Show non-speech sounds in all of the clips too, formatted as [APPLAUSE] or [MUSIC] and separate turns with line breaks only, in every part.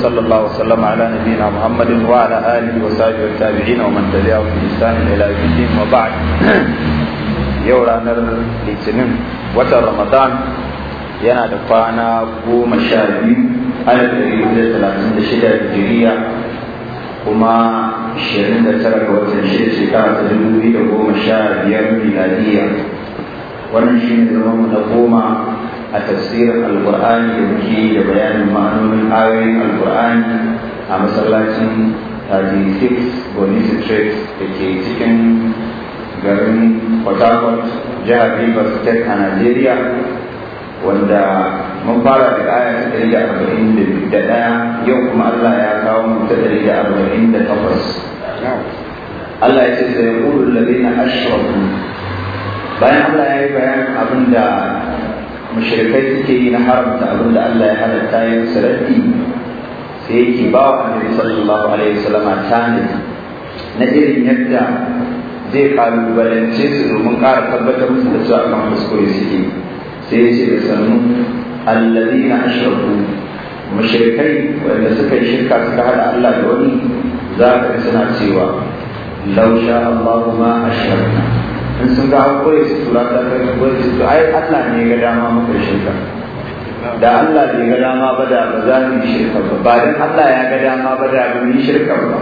وصلى الله وسلم على نبينا محمد وعلى اله وصحبه والتابعين ومن تبعهم باحسان الى يوم الدين وبعد yau ranar litinin watan ramadan yana da kwana goma sha biyu alif ɗari da talatin da shida hijiriya kuma ashirin da tara ga watan shida shekara ta goma sha biyar wannan shi ne zama na goma a tafsirin alkur'ani da muke da bayanin ma'anonin ayoyin alkur'ani a masallacin 36 bonita trade da ke cikin garin port jihar rivers state a nigeria wanda mun fara da aya ta ɗari da arba'in da ɗaya yau kuma allah ya kawo mu ta ɗari da arba'in da takwas allah ya ce da ya ƙulu lalina ashraku bayan allah ya yi bayanin abin da mushrikai suke yi na haramta abin da Allah ya halatta yin sarari sai yake ba wa annabi sallallahu alaihi wasallam tani na irin yadda zai kalubalance su domin ƙara tabbatar musu da cewa kan kuskure suke sai ya da sannu alladina ashraku mushrikai wanda suka yi shirka suka hada Allah da wani za ka suna cewa lausha sha Allahu ma in sun ga an su tura ta kai an kore su ai Allah ne ga dama muka shirka da Allah bai ga dama ba da ba za mu yi shirka ba ba dan Allah ya ga dama ba da mu shirka ba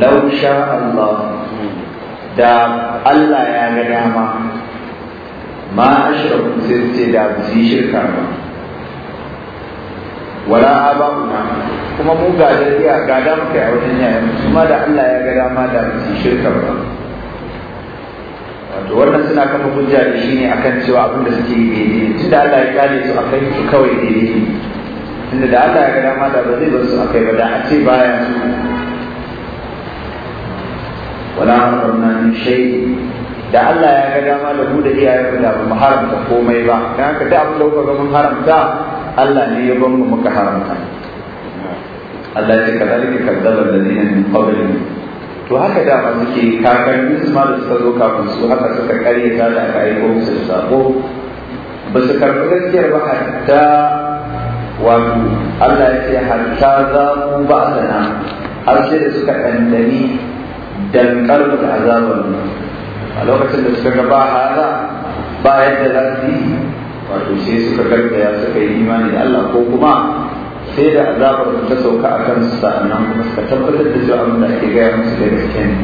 law sha Allah da Allah ya ga dama ma ashraku sai ce da su yi shirka ba wala aba'una kuma mu ga da iya ga da muke a wajen yayin kuma da Allah ya ga dama da su shirka ba wato wannan suna kafa hujja da shi ne akan cewa abin da suke yi daidai tunda Allah ya kare su akan su kawai daidai ne tunda da Allah ya ga dama da ba zai bar su akai ba da a ce baya su wala amarna min shay da Allah ya ga dama da mu da iyayen da mu haramta komai ba dan haka da abin da kuka ga mun haramta Allah ne ya bamu muka haramta Allah ya ce kadalika da alladhina min qablihim to haka da ba suke kakanni su ma da suka zo kafin su haka suka kare ta da aka aiko musu da sako ba su karɓi gaskiyar ba hatta wato Allah ya ce hatta za mu ba sana har sai da suka ɗanɗani dankar da azabar a lokacin da suka ga ba haza ba yadda za su yi wato sai suka gargaya suka yi imani da Allah ko kuma sai da azabar ta sauka a kansu sa'annan kuma suka tabbatar da cewa abin ake gaya musu da gaske ne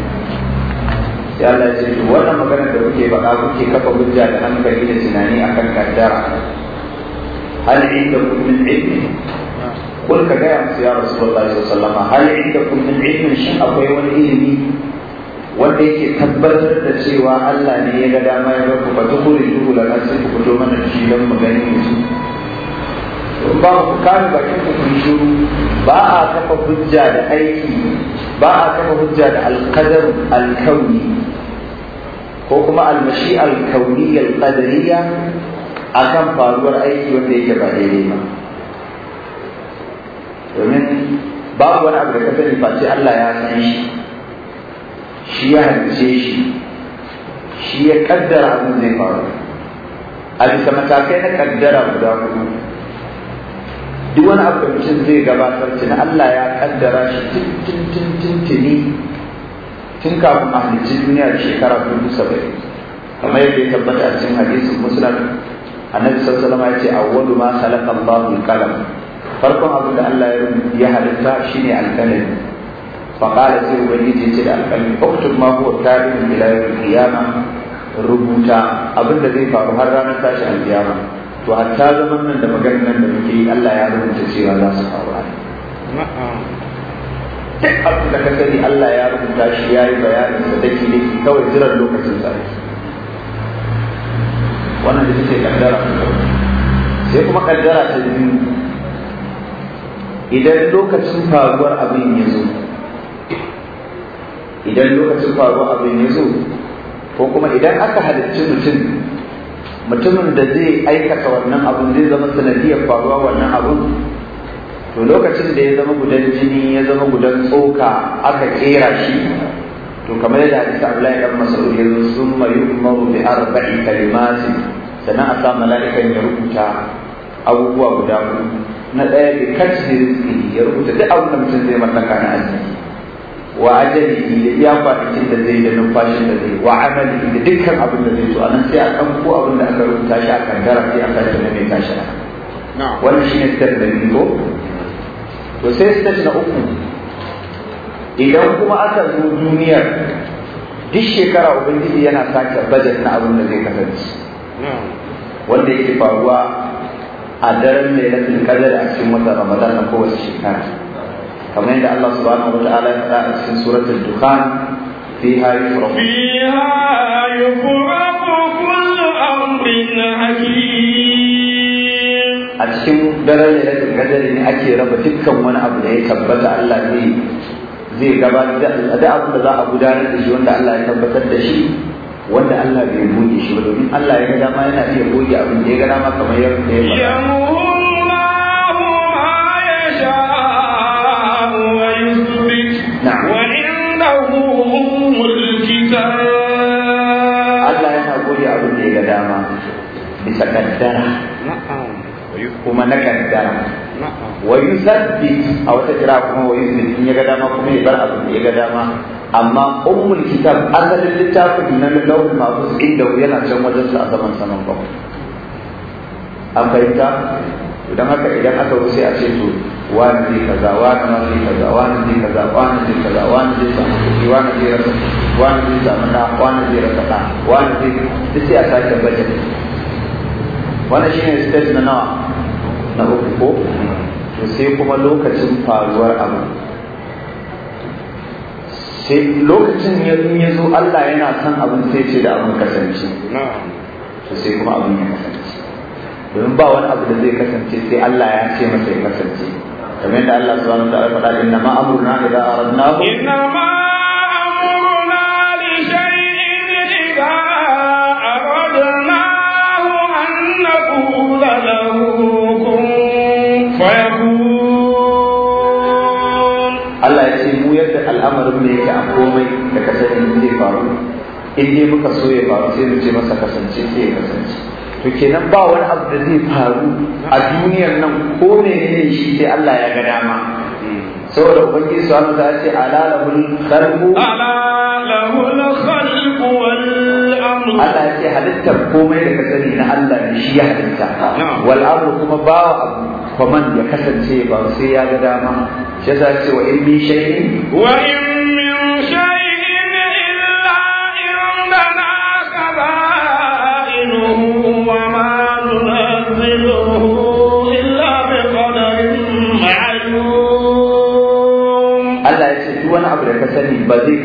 ya Allah ce to wannan magana da kuke faɗa kuke kafa hujja da hankali da tunani akan kaddara hal inda kun ilmi kun ka gaya musu ya rasu sallallahu sallama, wasallam hal inda kun min ilmi shi akwai wani ilimi wanda yake tabbatar da cewa Allah ne ya ga dama ya bar ku ba ta kore duhu da na sai ku fito mana shi don mu gani ba ku kare bakin ku kun ba a kafa hujja da aiki ba a kafa hujja da alqadar alkauni ko kuma almashi alkauni a akan faruwar aiki wanda yake ba daidai ba domin babu wani abu da ka sani face Allah ya san shi shi ya halice shi shi ya kaddara abin zai faru a bisa matakai na kaddara guda hudu duk wani abu da mutum zai gabatar tuni Allah ya kaddara shi tun tun tun tuni tun kafin a halicci duniya da shekara dubu saba'in kamar yadda ya tabbata a cikin hadisin musulun annabi sallallahu alaihi wasallam ya ce awwalu ma khalaqa Allahu al-qalam farkon Abu da Allah ya halitta shine al-qalam faƙala sai ubangiji ce da alƙalmi uktub ma huwa tarihin ila yawm qiyama rubuta abin da zai faru har ranar tashi alƙiyama to hatta zaman nan da maganar nan da muke yi Allah ya rubuta cewa za su faru duk abin da ka sani Allah ya rubuta shi ya yi bayanin sa dake dake kawai jiran lokacin sa wannan da take kaddara sai kuma kaddara ta biyu idan lokacin faruwar abin ya zo idan lokacin faru abin ya zo ko kuma idan aka halicci mutum mutumin da zai aikata wannan abun zai zama sanadiyar faruwa wannan abun to lokacin da ya zama gudan jini ya zama gudan tsoka aka kera shi to kamar yadda hadisi Abdullahi dan Mas'ud ya zo sun mayu umaru bi arba'i kalimati sannan a sa mala'ika ya rubuta abubuwa guda uku na ɗaya bi kasri ya rubuta duk abin da mutum zai mallaka na arziki wa ajalihi da iya kwanakin da zai da numfashin da zai wa amalihi da dukkan abin da zai so a nan sai a kan ko abin da aka rubuta shi a kankara sai a kan da mai tashi wannan shi ne sitar da ko to sai sitar na uku idan kuma aka zo duniyar duk shekara ubangiji yana sake bajet na abin da zai kasance wanda yake faruwa a daren lailatul qadr a cikin watan ramadan na kowace shekara kamar yadda Allah subhanahu wa ta'ala ya faɗa a cikin suratul dukhan fiha yufraqu fiha
yufraqu kullu amrin hakim
a cikin da lailatul qadr ne ake raba dukkan wani abu da ya tabbata Allah ne zai gabatar da abu da za a gudanar da shi wanda Allah ya tabbatar da shi wanda Allah bai goge shi ba domin Allah ya ga dama yana iya goge abin da ya ga dama kamar yadda ya
faɗa Allah
ya sa goge abin da ya ga dama bisa kaddara kuma na kaddara wa yusaddid a wata kira kuma wa yusaddid in ya ga dama kuma ya bar abin da ya ga dama amma ummul kitab asalin littafin na lawul mahfuz inda yana can wajen su a zaman saman bakwai an fahimta idan haka idan aka wuce a ce to wani zai kaza wani ma zai kaza wani zai kaza wani zai kaza wani zai samu kuɗi wani zai rasa wani zai samu na wani zai rasa ɗa wani zai duk sai a sake budget wannan shine stage na nawa na uku ko to sai kuma lokacin faruwar abu sai lokacin in ya zo Allah yana son abin sai ce da abin kasance to sai kuma abin ya kasance domin ba wani abu da zai kasance sai Allah ya ce masa ya kasance kamar yadda Allah subhanahu wa ta'ala faɗa inna ma amruna idza aradnahu inna ma
amruna li shay'in idza aradnahu an naqula lahu kun fayakun
Allah ya ce mu yadda al'amarin ne yake a komai da kasance zai faru in dai muka so ya faru sai mu ce masa kasance sai ya kasance to kenan ba wani abu da zai faru a duniyar nan ko ne ne shi sai Allah ya ga dama saboda ubangiji subhanahu ta ce ala lahul khalqu ala
lahul khalqu wal
amru Allah ce halitta komai da kasani na Allah ne shi ya halitta wal amru kuma ba abu man ya kasance ba sai ya ga dama shi yasa ce wa in min shay'in wa
in min shay'in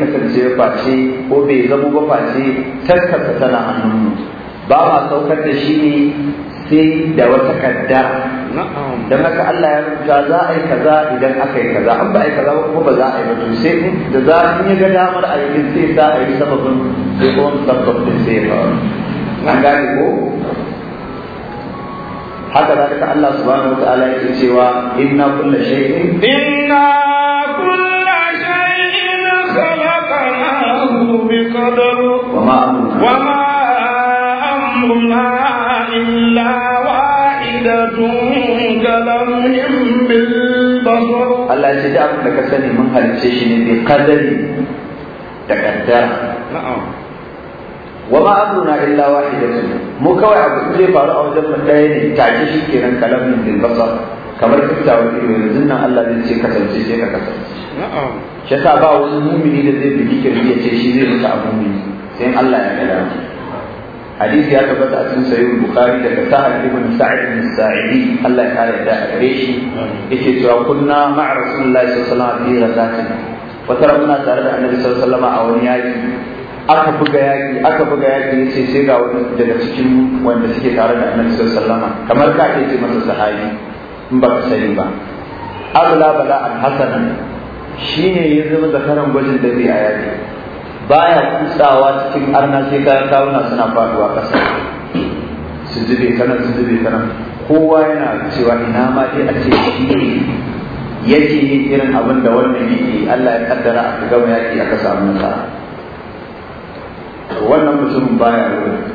kasance face ko bai zama ba face taskarsa tana hannunmu ba ma saukar da shi ne sai da wata kadda Da maka Allah ya rubuta za a yi kaza idan aka yi kaza an ba a yi kaza ba kuma ba za a yi ba to sai da za a yi ga damar a yi sai za a yi sababin sai kuma sabbabin sai ya faru an gane ko haka za ka Allah subhanahu wa ta'ala yake cewa inna kullu shay'in
inna
duk abin da ka sani mun halice shi ne bi qadari da kaddara wa ma amruna illa wahidatun mu kawai abu zai faru a wajen mun ɗaya ne take shi kenan kalamin bil basar kamar kifta wa ido yanzu nan Allah zai ce kasance sai ka kasance shi ba wani mumini da zai bi kirki ya ce shi zai mutu a mumini sai Allah ya gada hadisi ya tabbata a cikin sahih bukhari daga sa'ad ibn sa'id bin sa'idi Allah ya kare da gare shi yake cewa kunna ma'a rasulullahi sallallahu alaihi wasallam fi wata ran muna tare da annabi sallallahu alaihi wasallam a wani yaki aka buga yaki aka buga yaki yace sai ga wani daga cikin wanda suke tare da annabi sallallahu alaihi wasallam kamar ka ce masa sahabi in ba ka sani ba abla bala al-hasan shine yanzu zama karan gwajin da zai a yaki baya kutsawa cikin arna sai kayan kawuna suna faruwa ƙasa su zube kanan su zube kanan kowa yana cewa ina ma dai a ce yake yin irin abin da wannan yake Allah ya kaddara a gama yaki aka samu nasara wannan mutumin baya wurin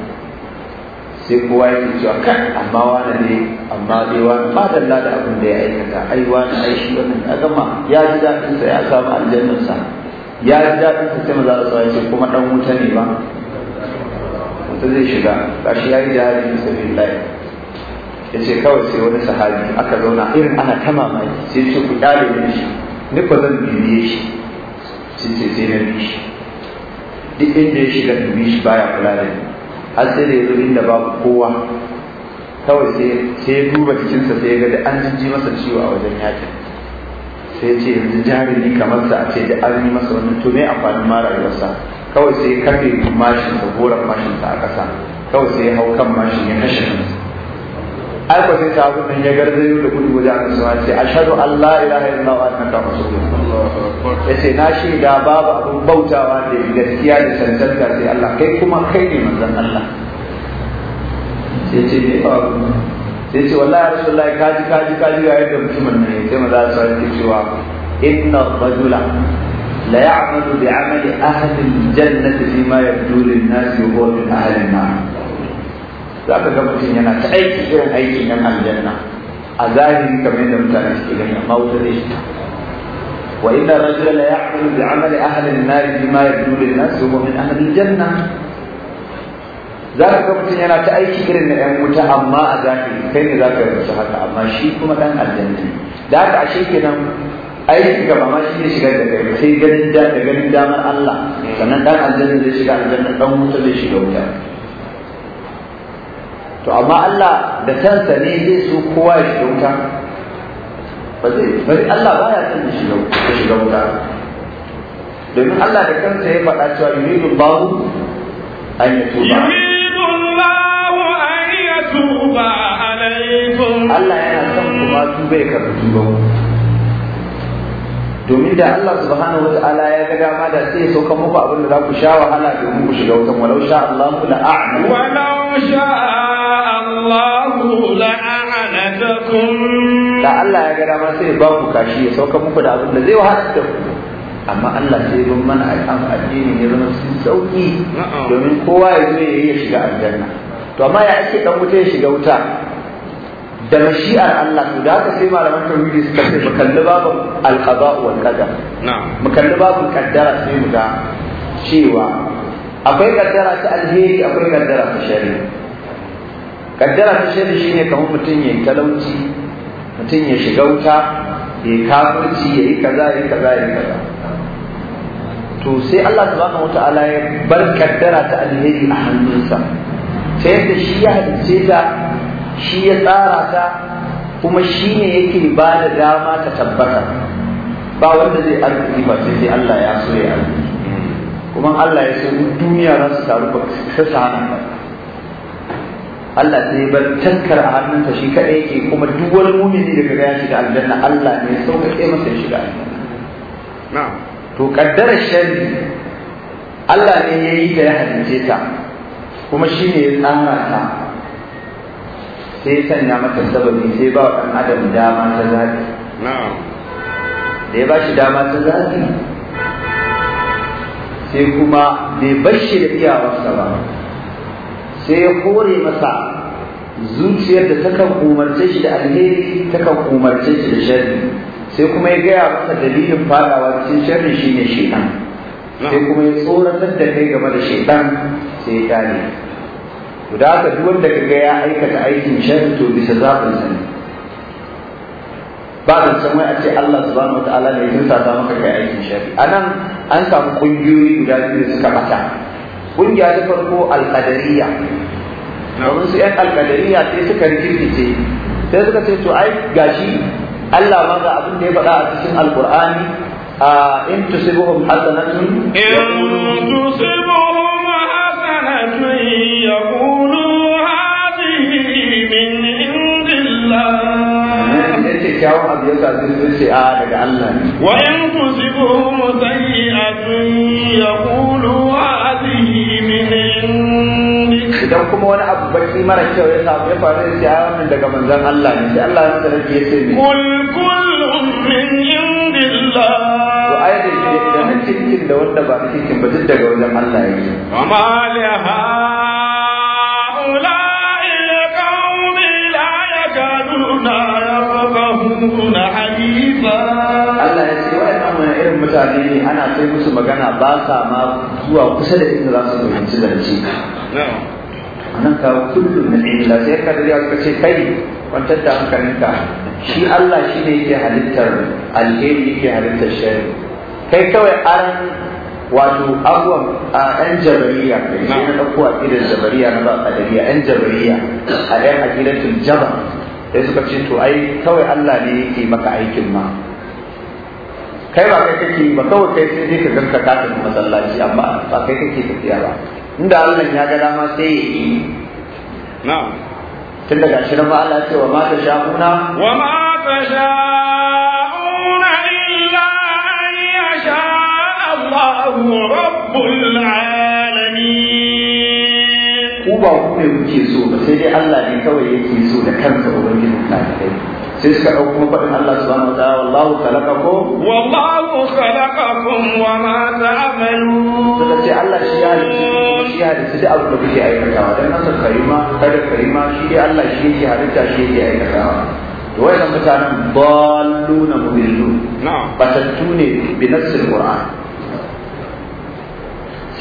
sai kowa yake cewa kan amma wani ne amma dai wani ba da abin da ya aikata ai wani ai shi wannan ya gama ya ji daɗinsa ya samu aljannarsa ya ji daɗin ta sai maza su yake kuma ɗan wuta ne ba wata zai shiga kashi ya yi jihadi na sabi ɗaya ya ce kawai sai wani sahabi aka zauna irin ana ta mamaki sai ce ku ɗale ne shi ni ba zan bibiye shi sai ce sai na bi shi duk inda ya shiga bi shi baya kula da ni har sai da ya zo inda babu kowa kawai sai ya duba cikinsa sai ya ga da an jinji masa ciwo a wajen yaƙin sai ce yanzu jarumi kamar sa a ce da an yi masa wani to me amfanin mara rayuwarsa kawai sai ya kafe mashin da goran mashin ta a ƙasa kawai sai ya hau kan mashin ya kashe kansa ai sai sai sahabu nan ya garzayo da gudu wajen annabi sallallahu alaihi allah ashhadu an la ilaha illallah wa anna ya ce na shi da babu abin bautawa da gaskiya da da sai Allah kai kuma kai ne manzon Allah Sai ce ne babu sai ce wallahi rasulullahi kaji kaji kaji ya yadda mutumin nan sai maza su rike cewa inna rajula la ya'malu bi amali ahli aljannati fi ma yabdu lin nas wa huwa min ahli an-nar zaka ga mutum yana ta aiki irin aikin na aljanna a zahiri kamar yadda mutane suke gani amma wuta zai shi وإن الرجل لا يعمل بعمل أهل النار بما يبدو للناس وهو من أهل الجنة za ka ga mutum yana ta aiki irin na 'yan wuta amma a zahiri kai ne za ka yi haka amma shi kuma ɗan aljanna da haka ashe nan aiki ga ma shi ne shigar da kai sai ganin da da ganin damar Allah sannan ɗan aljanna zai shiga aljanna ɗan wuta zai shiga wuta to amma Allah da kansa ne zai so kowa ya shiga wuta ba zai bari Allah baya son ya shiga wuta domin Allah da kansa ya faɗa cewa yuridu babu an yi yatuba
tuba alaikum Allah yana son ku ma
tuba ya karɓi tuba domin da Allah subhanahu wa ta'ala ya ga dama da sai so kan muku abin da za ku sha wahala domin ku shiga wutan walau sha Allah la a'lam walau
sha Allah la a'lamakum
da Allah ya ga dama sai ba ku kashi ya sauka muku da abin da zai wahala da ku amma Allah sai bin mana addini ya zama sun sauki domin kowa ya zo ya shiga aljanna to amma ya ake dan wuta ya shiga wuta da mashi'ar Allah to da haka sai malaman tauhidi suka ce mu kalli babu alqada wal qadar mu kalli babu kaddara sai mu ga cewa akwai kaddara ta alheri akwai kaddara ta shari. kaddara ta shari shine kamar mutum ya talauci mutum ya shiga wuta ya kafirci ya yi kaza ya yi kaza ya yi kaza to sai Allah subhanahu wataala ya bar kaddara ta alheri a hannunsa ta yadda shi ya halicce ta shi ya tsara ta kuma shi ne yake ba da dama ta tabbata ba wanda zai arziki ba sai dai Allah ya so ya arziki kuma Allah ya so duniya za su taru ba ta sana ba Allah yi bar tankar a hannunsa shi kaɗai yake kuma duk wani mumini daga kaga ya shiga aljanna Allah ne ya sauƙaƙe masa ya shiga aljanna to kaddarar shari Allah ne ya yi da ya halice ta kuma shi ne ya tsara ta sai sanya mata sababi sai ba wa adam dama ta zaɓi da ya ba shi dama ta zaɓi sai kuma bai bar shi da iyawarsa ba sai ya kore masa zuciyar da takan umarce shi da alheri takan umarce shi da sharri sai kuma ya gaya masa dalilin fadawa cikin sharri ne shi sai kuma ya tsoratar da kai game da shaitan sai ya gane Guda ka duk wanda kaga ya aikata aikin sharri to bisa zaɓin sa ne ba da san wai a ce Allah subhanahu wataala ne ya ta maka kai aikin shari'a anan an samu kungiyoyi guda biyu da suka bata kungiya ta farko alqadariyya domin su yan alqadariyya sai suka rikirkice sai suka ce to ai gashi Allah ma ga abin da ya faɗa a cikin alqur'ani a in tusibuhum hasanatun in
tusibuhum hasanatun yaqulu
kyakkyawan abu ya same su sai a daga Allah ne wa in
tusibuhum sayyi'atun yaqulu hadhihi min
idan kuma wani abu baki mara kyau ya samu ya faru sai a wannan daga manzon Allah ne sai Allah ya tsare ya ce kul
kullum min indillah
wa ayatin da hakkin da wanda ba hakkin ba duk daga wajen Allah yake wa ma la mutane ne ana kai musu magana ba sa ma zuwa kusa da inda za su fahimci zance nan ka kullu min illa sai ka dariya ka ce kai kwantar da hankalinka shi Allah shi ne yake halittar alheri yake halittar shari kai kawai an wato abuwan a ɗan jabariya kai na ɗauko a ƙidan jabariya na ba a ɗariya ɗan jabariya a ɗaya a jaba sai suka ce to ai kawai Allah ne yake maka aikin ma kai ba kai kake ba kawai kai sai dai ka ganka ka tafi masallaci amma ba kai kake tafiya ba inda Allah ya ga dama sai ya yi na'am tun daga shi nan Allah ce wa ma ta sha'una
wa ma
ta sha'una illa an yasha Allahu rabbul alamin
ku ba ku ne kuke so ba sai dai Allah ne kawai yake so da kansa ubangijin ta kai sai suka ɗauko faɗin Allah su zama ta wallahu khalaqakum
wallahu khalaqakum
wa ma ta'malun suka ce Allah shi ya shi ya halitta duk abin da kuke aikata wa dan nasar karima kada karima shi dai Allah shi yake harita shi ya aikata wa to wannan mutanen dalluna mubillu na'am batattu ne bi nassil qur'an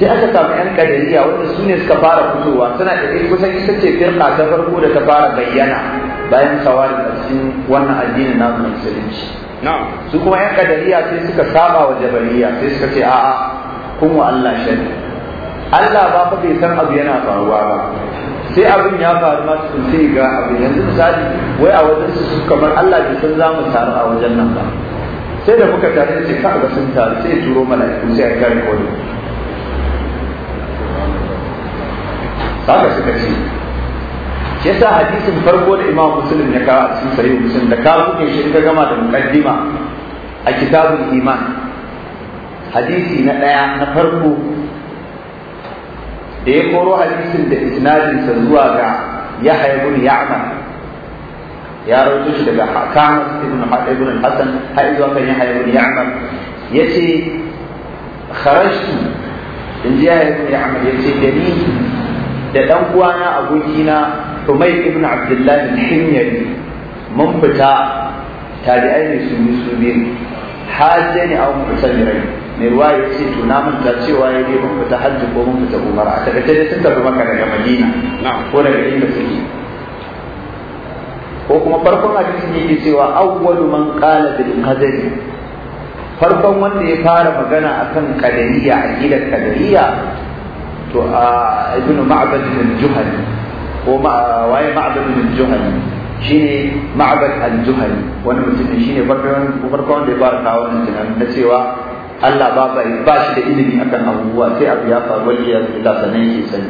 sai aka samu yan kadariya wanda su ne suka fara fitowa suna da kusan ita ce firka ta farko da ta fara bayyana bayan sawari a cikin wannan addinin na musulunci su kuma yan kadariya sai suka saba wa jabariya sai suka ce a'a kun wa Allah shari Allah ba fa bai san abu yana faruwa ba sai abin ya faru ma su sai ga abin yanzu misali wai a wajen su kamar Allah bai san za mu taru a wajen nan ba sai da muka tare sai ka ga sun taru sai turo mala'iku sai ya kare kodin saka suka ce yasa hadisin farko da imam muslim ya kawo a cikin sahih muslim da kawo kuke shi ga gama da muqaddima a kitabul iman hadisi na daya na farko da ya koro hadisin da isnadin sa zuwa ga yahya ibn ya'man ya rawaito shi daga hakan ibn ibn hasan har zuwa kan yahya ibn ya'man yace kharajtu in ji yahya ibn ya'man yace da ni da dan uwana abokina Humayr ibn Abdullahi al mun fita tabi'ai ne su su biyu hajje ne a wani kusurrai mai ruwa ya ce to na manta cewa ya ne mun fita hajji ko mun fita umara a takaice dai sun tafi maka daga Madina ko daga inda suke ko kuma farkon hadisin yake cewa awwalu man qala bil qadari farkon wanda ya fara magana akan kadariya a gidan kadariya to a ibnu ma'bad al-juhani ko waye ma'abad bin juhari shine ma'abad al-juhani wani mutum ne shine farkon farkon da ya fara kawo wannan tunanin na cewa Allah ba ba shi da ilimi akan abubuwa sai abu ya faru wani ya zuba sanan yake sani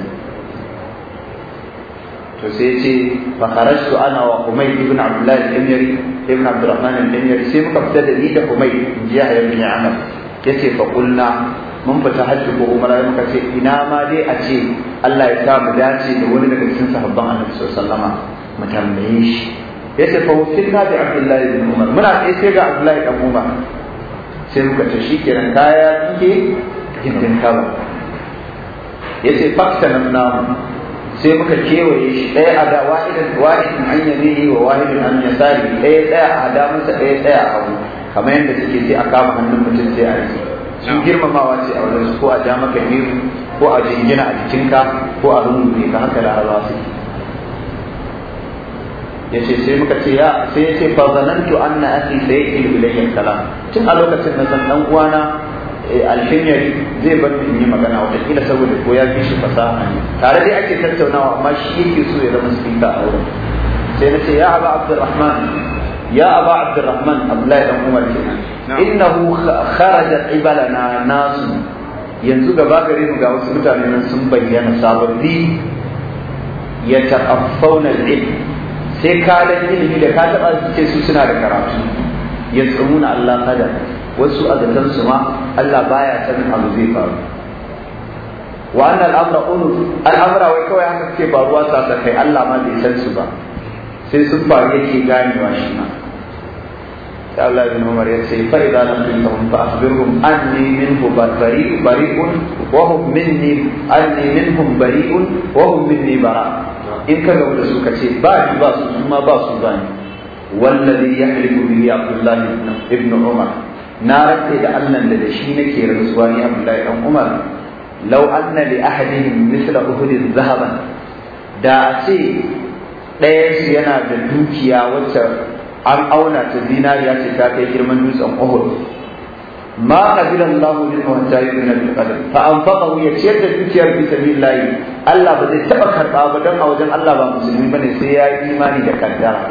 to sai ce fa kharajtu ana wa kumai ibn Abdullah al-Himyari ibn Abdurrahman al-Himyari sai muka fita da ni da Humayd jiya ya bin Amr yace fa qulna mun fita hajji ko umara muka ce ina ma dai a ce Allah ya sa mu dace da wani daga cikin sahabban Annabi sallallahu alaihi mu tambaye shi yace fa wufina bi Abdullah ibn Umar muna kai sai ga Abdullah ibn Umar sai muka ce shi kiran kaya kike gindin kawa yace faktanan namu sai muka kewaye shi ɗaya a da wahidin wahidin an yamihi wa wahidin an yasari ɗaya ɗaya a damansa ɗaya ɗaya a abu kamar yadda suke sai a kama hannun mutum sai a yi su girmamawa ce a wajen ko a jama'a maka ko a jingina a ka, ko a ne ka haka larabawa suke ya ce sai muka ce ya sai ya ce fa zanantu anna sai yake ilayya kalam tun a lokacin na san dan uwana eh, alhinyari zai bar ni yi magana wata kila saboda ko ya fi shi fasaha ne tare dai ake tattaunawa amma shi yake so ya zama speaker a wurin sai na ce ya aba abdurrahman يا أبا عبد الرحمن عبد الله بن عمر إنه خرجت قبلنا ناس yanzu gaba gare mu ga wasu mutane nan sun bayyana sababbi ya ta'affauna al-ilm sai ka da ilimi da ka taba su ce su suna da karatu ya tsumuna Allah kada wasu a zaton ma Allah baya sanin abu zai faru wa annal amra unuf al'amra wai kawai haka ke faruwa sa kai Allah ma bai san su ba sai sun faru yake ganewa shi ma sai Allah bin Umar ya ce fa idza lam tuntahum fa akhbirhum anni minhu bari bari'un wa hum minni anni minhum bari'un wa hum minni in ka gamu da ce ba ni ba su kuma ba su ba ni wallazi yahliku bihi Abdullah ibn Umar na rantsa da Allah da da shi nake rantsuwa ni Abdullah ibn Umar li ahadihim mithla uhud zahaban da a ce ɗayan yana da dukiya wacce an auna ta zinariya ce ta kai girman dutsen Uhud ma qadira Allah min yadda yu'min bil fa anfaqa wa ciyar da dukiyar bi sabilillah Allah ba zai taba karba ba dan a wajen Allah ba musulmi bane sai ya yi imani da kaddara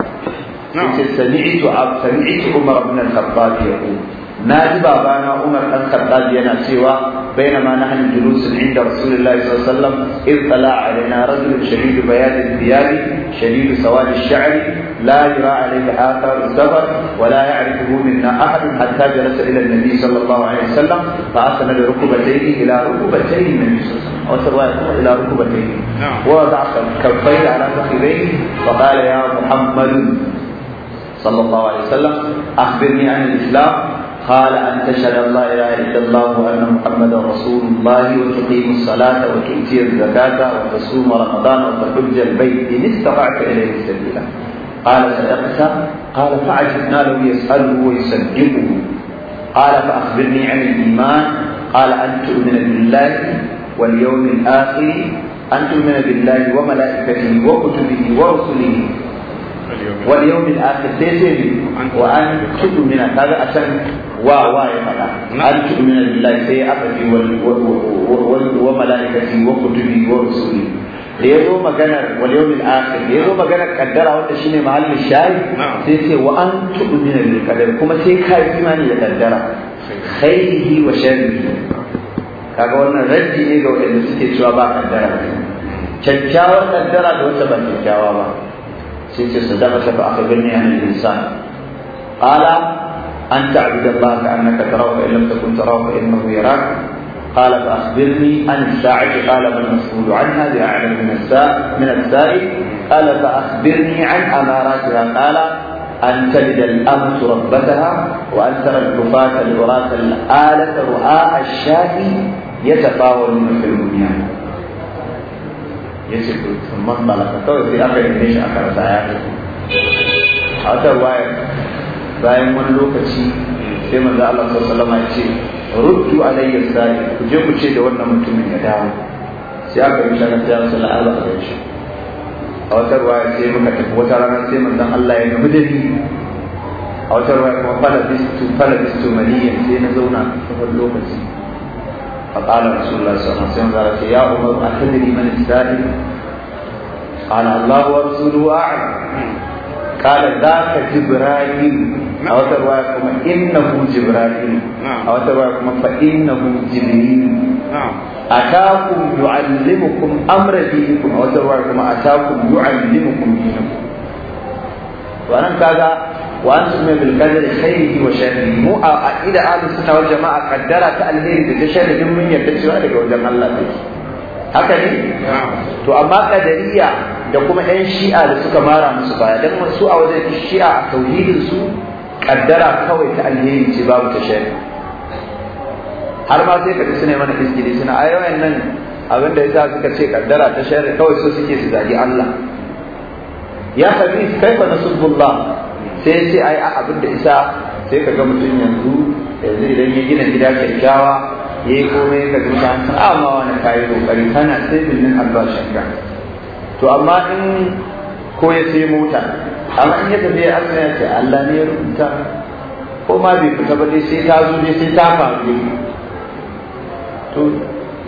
yace sami'tu ab sami'tu Umar ibn al-Khattab yaqul na بابانا عمر بن الخطاب Khattab yana بينما نحن جلوس عند رسول الله صلى الله عليه وسلم إذ طلع علينا رجل شديد بياض الثياب شديد سواد الشعر لا يرى عليه آثار الزبر ولا يعرفه منا أحد حتى جلس إلى النبي صلى الله عليه وسلم فأسند ركبتيه إلى ركبتيه النبي صلى الله عليه وسلم إلى ركبتيه نعم. ووضع كفيه على فخذيه وقال يا محمد صلى الله عليه وسلم أخبرني عن الإسلام قال أن تشهد أن لا إله إلا الله وأن محمدا رسول الله وتقيم الصلاة وتؤتي الزكاة وتصوم رمضان وتحج البيت إن استطعت إليه سبيلا قال صدقت قال فعجبنا له يسأله ويصدقه قال فأخبرني عن الإيمان قال أن تؤمن بالله واليوم الآخر أن تؤمن بالله وملائكته وكتبه ورسله wal yawmil akhir sai sai wa an tudmina kaga a can wa wa ya an tudmina billahi sai abadi wal wa malaikati wa kutubi wa rusuli da ya zo maganar wal yawmil akhir da ya zo maganar kaddara wanda shine mahallin shayi sai sai wa an tudmina bil qadar kuma sai ka yi imani da kaddara khairihi wa sharrihi kaga wannan raddi ne ga wanda suke cewa a kaddara kyakkyawan kaddara da wata ban kyakkyawa ba سيدي صدمك فأخبرني عن الإنسان قال أن تعبد الله كأنك تراه فإن لم تكن تراه فإنه يراك قال فأخبرني عن الساعة قال من المسؤول عنها لاعلم من من السائل قال فأخبرني عن أماراتها قال أن تلد الامس ربتها وأن ترى الكفاة العراة الآلة رعاء الشاة يتطاول في البنيان ya ce to sun malaka kawai sai aka neme shi aka rasa ya tafi a wata wayar bayan wani lokaci sai manzo Allah sallallahu salama ya ce a layyar sai ku je ku ce da wannan mutumin ya dawo sai aka yi shaka ta sallallahu alaihi da shi a wata wayar sai muka tafi wata rana sai manzo Allah ya nufi da a wata wayar kuma fala bisitu fala sai na zauna a tsawon lokaci فقال رسول الله صلى الله عليه وسلم يا عمر أتدري من السائل قال الله ورسوله أعلم قال ذاك جبرائيل أو ترواكم إنه جبرائيل أو ترواكم فإنه جبريل أتاكم يعلمكم أمر دينكم أو ترواكم أتاكم يعلمكم دينكم وأنا كذا wa an tusmi bil qadri khairihi wa sharrihi mu a aqida ahlus sunna jamaa kaddara ta alheri da ta sharri duk mun yarda cewa daga wajen Allah take haka ne to amma qadariya da kuma ɗan shi'a da suka mara musu baya dan su a wajen shi'a a tauhidin su kaddara kawai ta alheri ce babu ta sharri har ma sai ka suna mana iskili suna ayoyin nan abinda yasa suka ce kaddara ta sharri kawai so suke su zagi Allah ya khabis kaifa nasubullah sai ce ai a abin da isa sai ka ga mutum yanzu yanzu idan ya gina gida kyakkyawa ya yi komai ah, ka zuta an a amma wani kayi kokari kana sai din albashin ka to amma in ko ya sai mota amma in ya tafi ya ya ce Allah ne ya rubuta ko ma bai fita ba dai sai ta zo dai sai ta faru to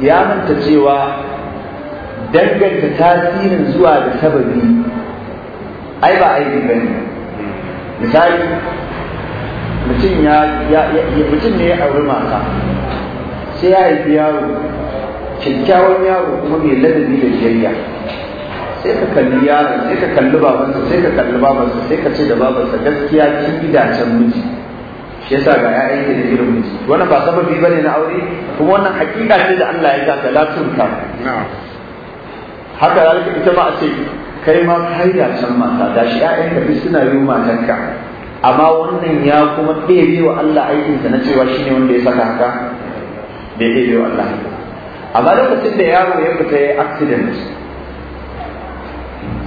ya manta cewa danganta tasirin zuwa da sababi ai ba aiki bane misali mutum ya mutum ne ya auri mata sai ya haifi yaro kyakkyawan yaro kuma mai ladabi da jiyayya sai ka kalli yaron sai ka kalli babansa sai ka kalli babansa sai ka ce da babansa gaskiya cikin gidacen miji shi yasa ga ya'yan aiki da irin miji wannan ba sababi bane na aure kuma wannan hakika ce da Allah ya sa ta ka tunka haka zalika ita ma a ce kai ma ka haida can mata da shi ka duk suna yi matarka amma wannan ya kuma ɗebe wa Allah aikin aikinsa na cewa shine wanda ya saka haka bai ɗebe wa Allah amma lokacin da yaro ya fita ya accident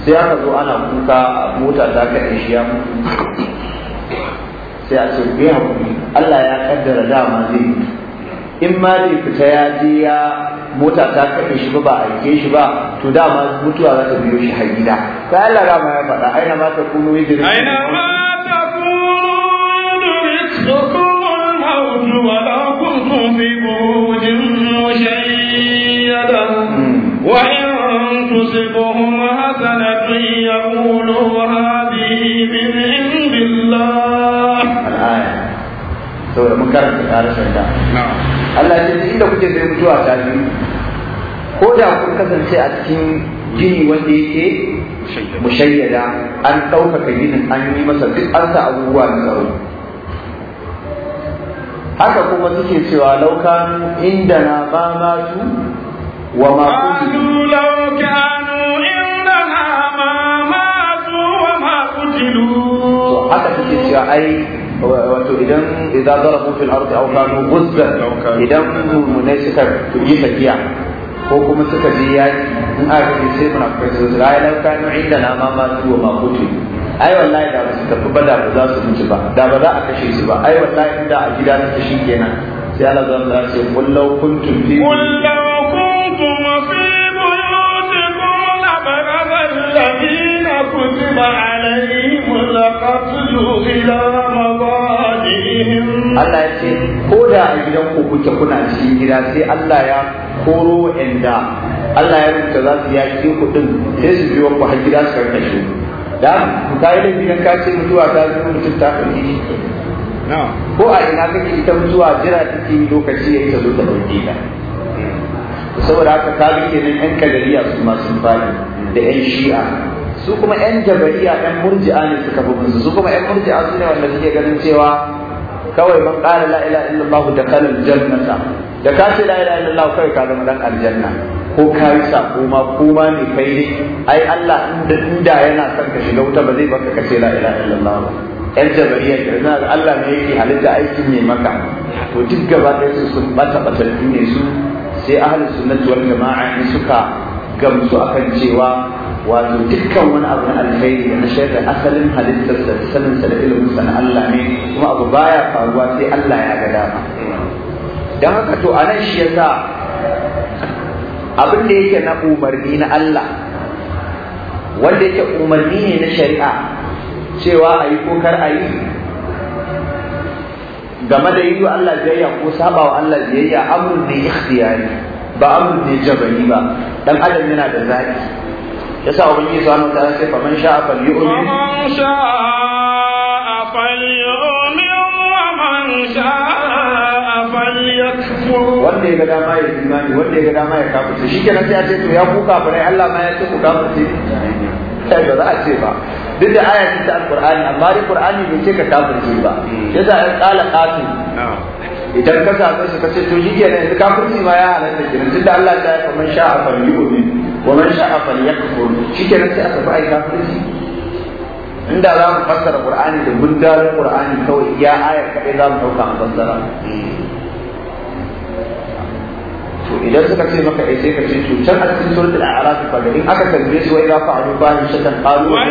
sai aka zo ana kuka mota ta ka shi ya mutu sai a ce ku Allah ya kaddara dama zai mutu in ma bai fita ya je ya mota ta kaɗe shi ba a aike shi ba to dama mutuwa za ta biyo shi har gida sai Allah ya ma ya faɗa aina ma ta kuno yadda aina ma
ta kuno rizqukum al-mawt تصبهم حسنة يقولوا هذه من عند
الله الآية سورة مكرمة آل سيدنا نعم Allah ce inda kuke sai mutuwa ta biyu ko da kun kasance a cikin gini wanda yake mushayyada an ɗaukaka ginin an yi masa duk an sa abubuwa na tsaro haka kuma suke cewa laukan inda na ba ma su wa ma
haka suke cewa
ai wato idan idan zarafu fil ardi aw kanu gusba idan mummunai suka yi tafiya ko kuma suka je yaki in aka ce sai muna kai su ga kanu inda ma ma su ma kutu ai wallahi da ba su tafi ba da ba za su mutu ba da ba za a kashe su ba ai wallahi inda a gida ta shi kenan sai Allah zan ce kullu kuntum fi
kullu kuntum fi فرغ الذين كتب عليهم القتل
إلى مضاجعهم الله يسير كودا gidanku kuke kuna cikin gida sai Allah ya koro inda Allah ya rubuta za su yaƙi ku din sai su biyo ku har gida su karkashe da ka yi da gidan ka ce mutuwa ta zo mutum ta ɗauki ko a ina kake ita mutuwa jira take lokaci ya ta zo ta ɗauke ta saboda haka ka bi kenan yan kadariya su masu fadi da ƴan shi'a su kuma ƴan jabariya ƴan murji'a ne suka fi musu su kuma ƴan murji'a su ne wanda suke ganin cewa kawai man ƙara la ilaha illallah da kalal jannata da ka ce la ilaha illallah kawai ka zama dan aljanna ko ka yi sako ma kuma ne kai ne ai Allah inda yana son ka shiga wuta ba zai baka ka ce la ilaha illallah ba ƴan jabariya kirna Allah ne yake halitta aikin ne maka to duk gaba ɗaya su sun bata batatu ne su sai ahlus sunnati wal jama'a ne suka gamsu akan cewa wato dukkan wani abu na alheri da na shaidar asalin halittarsa da sanin sa da iliminsa na Allah ne kuma abu baya faruwa sai Allah ya ga dama don haka to a nan shi yasa abin da yake na umarni na Allah wanda yake umarni ne na shari'a cewa ayi ko kar ayi, game da yi Allah biyayya ko saba wa Allah biyayya amrun ne ikhtiyari ba amru ne jabari ba dan adam yana da zaki yasa ubangi subhanahu wa ta'ala sai faman sha'a fa man sha'a
yu'min wa man sha'a yakfur wanda
ya ga dama ya imani wanda ya ga dama ya kafirce shikenan sai a ce to ya kuka bare Allah ma ya ce ku kafirce sai ba za a ce ba duk da aya ta alqur'ani amma dai qur'ani bai ce ka kafu ba hmm. yasa ya kala qatil idan ka zaɓe su ka ce to yi kenan yanzu kafirci ma ya halatta kenan tunda Allah ta yi kamar sha'a fal yu'min wa man sha'a fal yakfur shikenan sai aka bi ai kafirci inda za mu fassara Qur'ani da gundarin Qur'ani kawai ya aya kaɗai za mu ɗauka a fassara to idan suka ce maka ai eh, sai ka ce to can a cikin suratul a'raf fa da in aka tambaye su wai ya fa'alu ba ni shatan qalu wa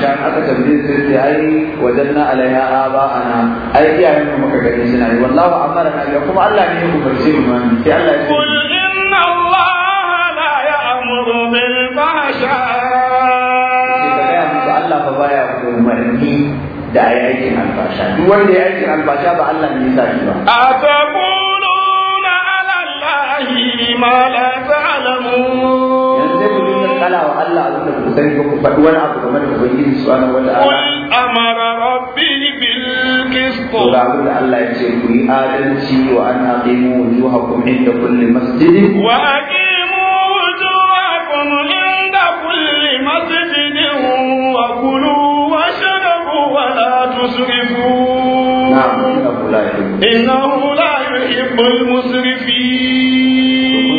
sha aka tambaye su sai ai
wajanna alaiha aba ana ai iyayen mu muka gani suna yi wallahu amara na kuma Allah ne ya umarce mu sai Allah ya ce
inna Allah la ya'muru bil fahsha
Allah fa baya umarni da ya aikin albasha duk wanda ya aikin albasha ba Allah ne ya sa shi ba
ataquluna ala Allah ma la ta'lamun faɗa wa Allah abin da ku sani
ba ku faɗi wani abu game da ubangiji subhanahu wata'ala qul amara rabbi bil qist to da abin da Allah ya ce ku yi adalci wa an aqimu wujuhakum inda kulli masjidin wa aqimu
wujuhakum inda kulli masjidin wa kulu washrabu wa la tusrifu na'am innahu la yuhibbu al-musrifin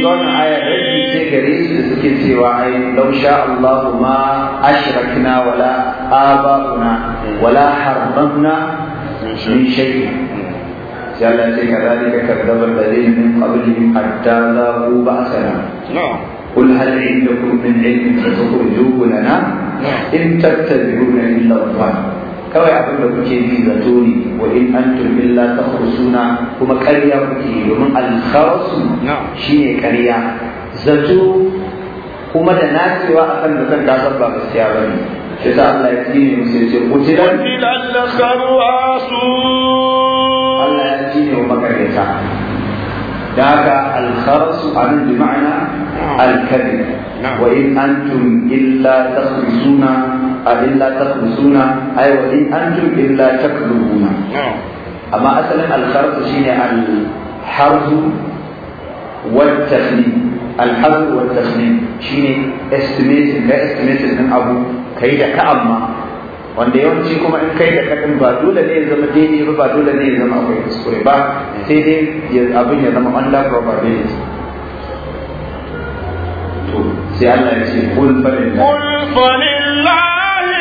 kun wannan aya rabi ce gare su da suke cewa ai law sha Allahu ma ashrakna wala aba'una wala harramna min shay'in جل كذلك كذب الذين من قبلهم حتى ذاقوا بأسنا قل هل عندكم من علم فتخرجوه لنا إن تتبعون إلا الظن kawai abin da kuke bi zato ne wa in antum illa takhrusuna kuma ƙarya kuke domin al-kharsu shine ƙarya zato kuma da nasewa akan da kan kasar ba gaskiya bane sai sa Allah ya tsine ya ce kutilan
al-kharsu
Allah ya tsine wa makarita da haka alkharsu anan bi ma'ana alkadi wa in antum illa takhrusuna illa takhrusuna ay wa in antum illa takdubuna amma asalin alkharsu shine al harzu wal tahlil shine estimation ga estimation din abu kai da ka amma wanda yawanci kuma in kai da kadin ba dole ne ya zama daidai ba ba dole ne ya zama akwai kuskure ba sai dai abin ya zama ba probability to sai Allah ya ce kul falillah kul
falillahil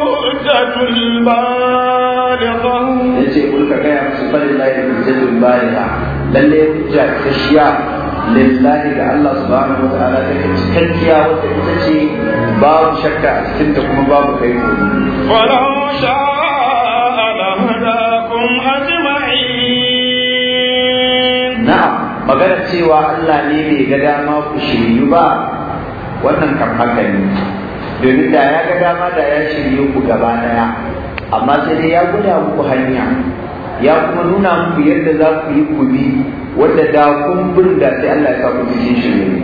hujjatul baligha yace kul ka ga su al hujjatul
baligha lalle hujja ta shiya lillahi ga Allah subhanahu wa ta'ala take cikakkiya wanda ita ce babu shakka a cikin ta kuma babu kai ko walau
sha'a lahadakum ajma'in
na'am magana cewa Allah ne bai ga dama ku shiryu ba wannan kan haka ne domin da ya ga dama da ya shirye ku gaba daya amma sai dai ya guda muku hanya ya kuma nuna muku yadda za ku yi ku bi wanda da kun burda sai Allah ya kawo cikin shi ne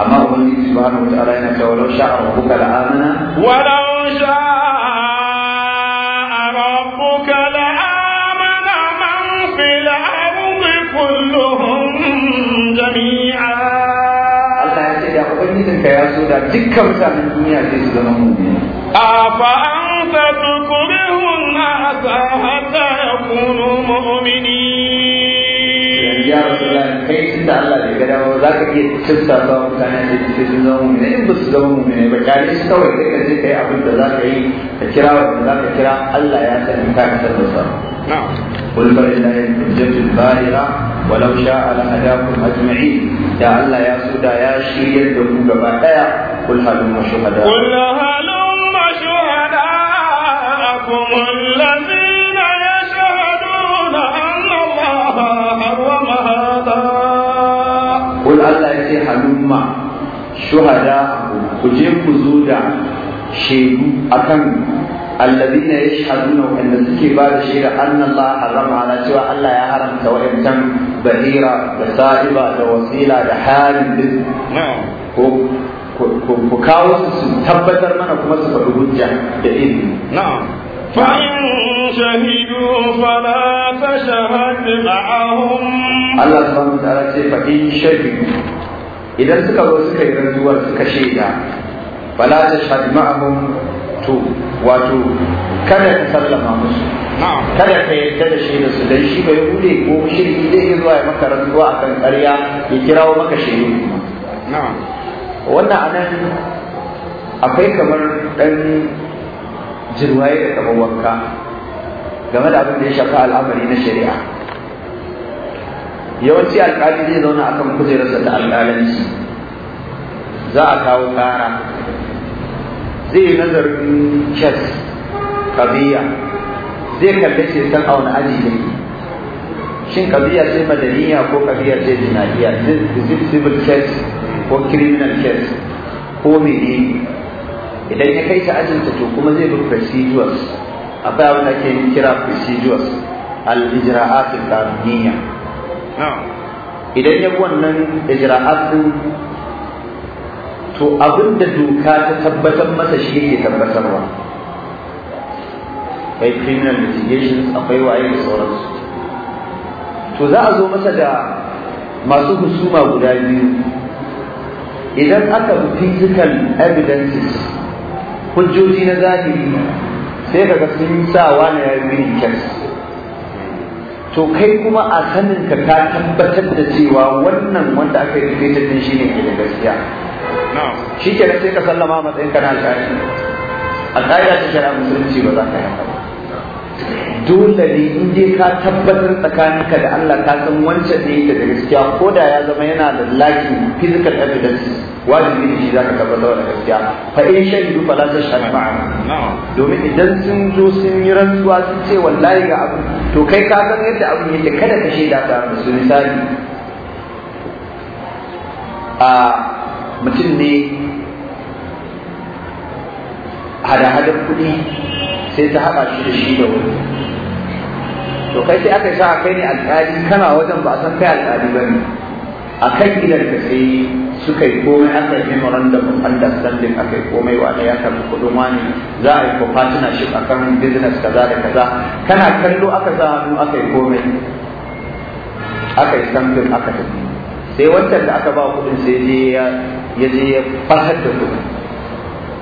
amma ubangiji subhanahu wataala yana cewa law sha'a rabbuka la amana wa law
sha'a rabbuka la amana man fil ardi kulluhum jami'a
Allah ya ce da ubangijin ka ya so da dukkan mutanen duniya sai su zama mu'mini
afa anta tukrihu an-nasa hatta yakunu mu'minin
ya Rasulullah kai tun da Allah bai gada ba za ka iya cinta ba mutane da ke cikin zama mu ne in ba su zama mu ne ba kare su kawai sai ka je kai abin da za ka yi ka kira wa za ka kira Allah ya san in ka ka tabbata sa qul bal la yajid zahira wa law sha'a la da ajma'in ya Allah ya suda ya shirya da ku gaba daya qul halum shuhada qul
halum shuhada akum allazi
ce halumma shuhada ku je ku zo da shaidu akan alladina na wanda suke ba da shaida anna Allah harama ala cewa Allah ya haramta wayancan bahira da sa'iba da wasila da halin duk ko ku kawo su tabbatar mana kuma su faɗi hujja da ilimi na'am
فإن شهدوا فلا تشهد معهم الله سبحانه
وتعالى فإن شهدوا idan suka zo suka yi rantsuwar suka shaida fala ta shahad ma'ahum to wato kada ka sallama musu kada ka yadda da shi da su dan shi bai hude ko shirki zai iya zuwa ya maka rantsuwa a kan ƙarya ya kirawo maka shaidu wannan anan akwai kamar ɗan jirwaye da kamar wanka game da abin da ya shafa al'amari na shari'a yawanci alƙali zai zauna akan kujerarsa ta alƙalanci za a kawo ƙara zai yi nazarin kes kabiya zai kalli ce san a wani aji ne shin kabiya sai madaniya ko kabiya ce jinadiya civil case ko criminal case ko mene idan ya kai ta ajinta to kuma zai bi procedures akwai abin da ake kira procedures al-ijra'at al-qanuniyya idan ya wannan ijra'at to abin da doka ta tabbatar masa shi yake tabbatarwa kai criminal litigations akwai waye da sauransu to za a zo masa da masu husuma guda biyu idan aka bi physical evidences hujjoji na zahiri sai kaga sun sa wani ya yi kyansu to kai kuma a sanin ka ka tabbatar da cewa wannan wanda aka yi rubutun din shine ke da gaskiya shi ke sai ka sallama matsayin ka na alƙari alƙari ta shari'a musulunci ba za ka yi ba dole ne in je ka tabbatar tsakaninka da Allah ka san wancan ne da gaskiya ko da ya zama yana da laki physical evidence wajibi ne za ka tabbatar da gaskiya fa in shan yi fala ta shan ma'a domin idan sun zo sun yi rantsuwa sun ce wallahi ga abu to kai ka san yadda abu yake kada ka shaida ta su misali a mutum ne hada-hadar kuɗi sai ta haɗa shi da shi da wani to kai sai aka sa kai ne alƙali kana wajen ba san kai alƙali ba ne a kan gidan ka sai suka yi komai aka yi memorandum of understanding aka yi komai wani ya karɓi kuɗin wani za a yi ko partnership kan business kaza da kaza kana kallo aka sa hannu aka yi komai aka yi stamping aka tafi sai wancan da aka ba kuɗin sai ya je ya fasar da kuɗin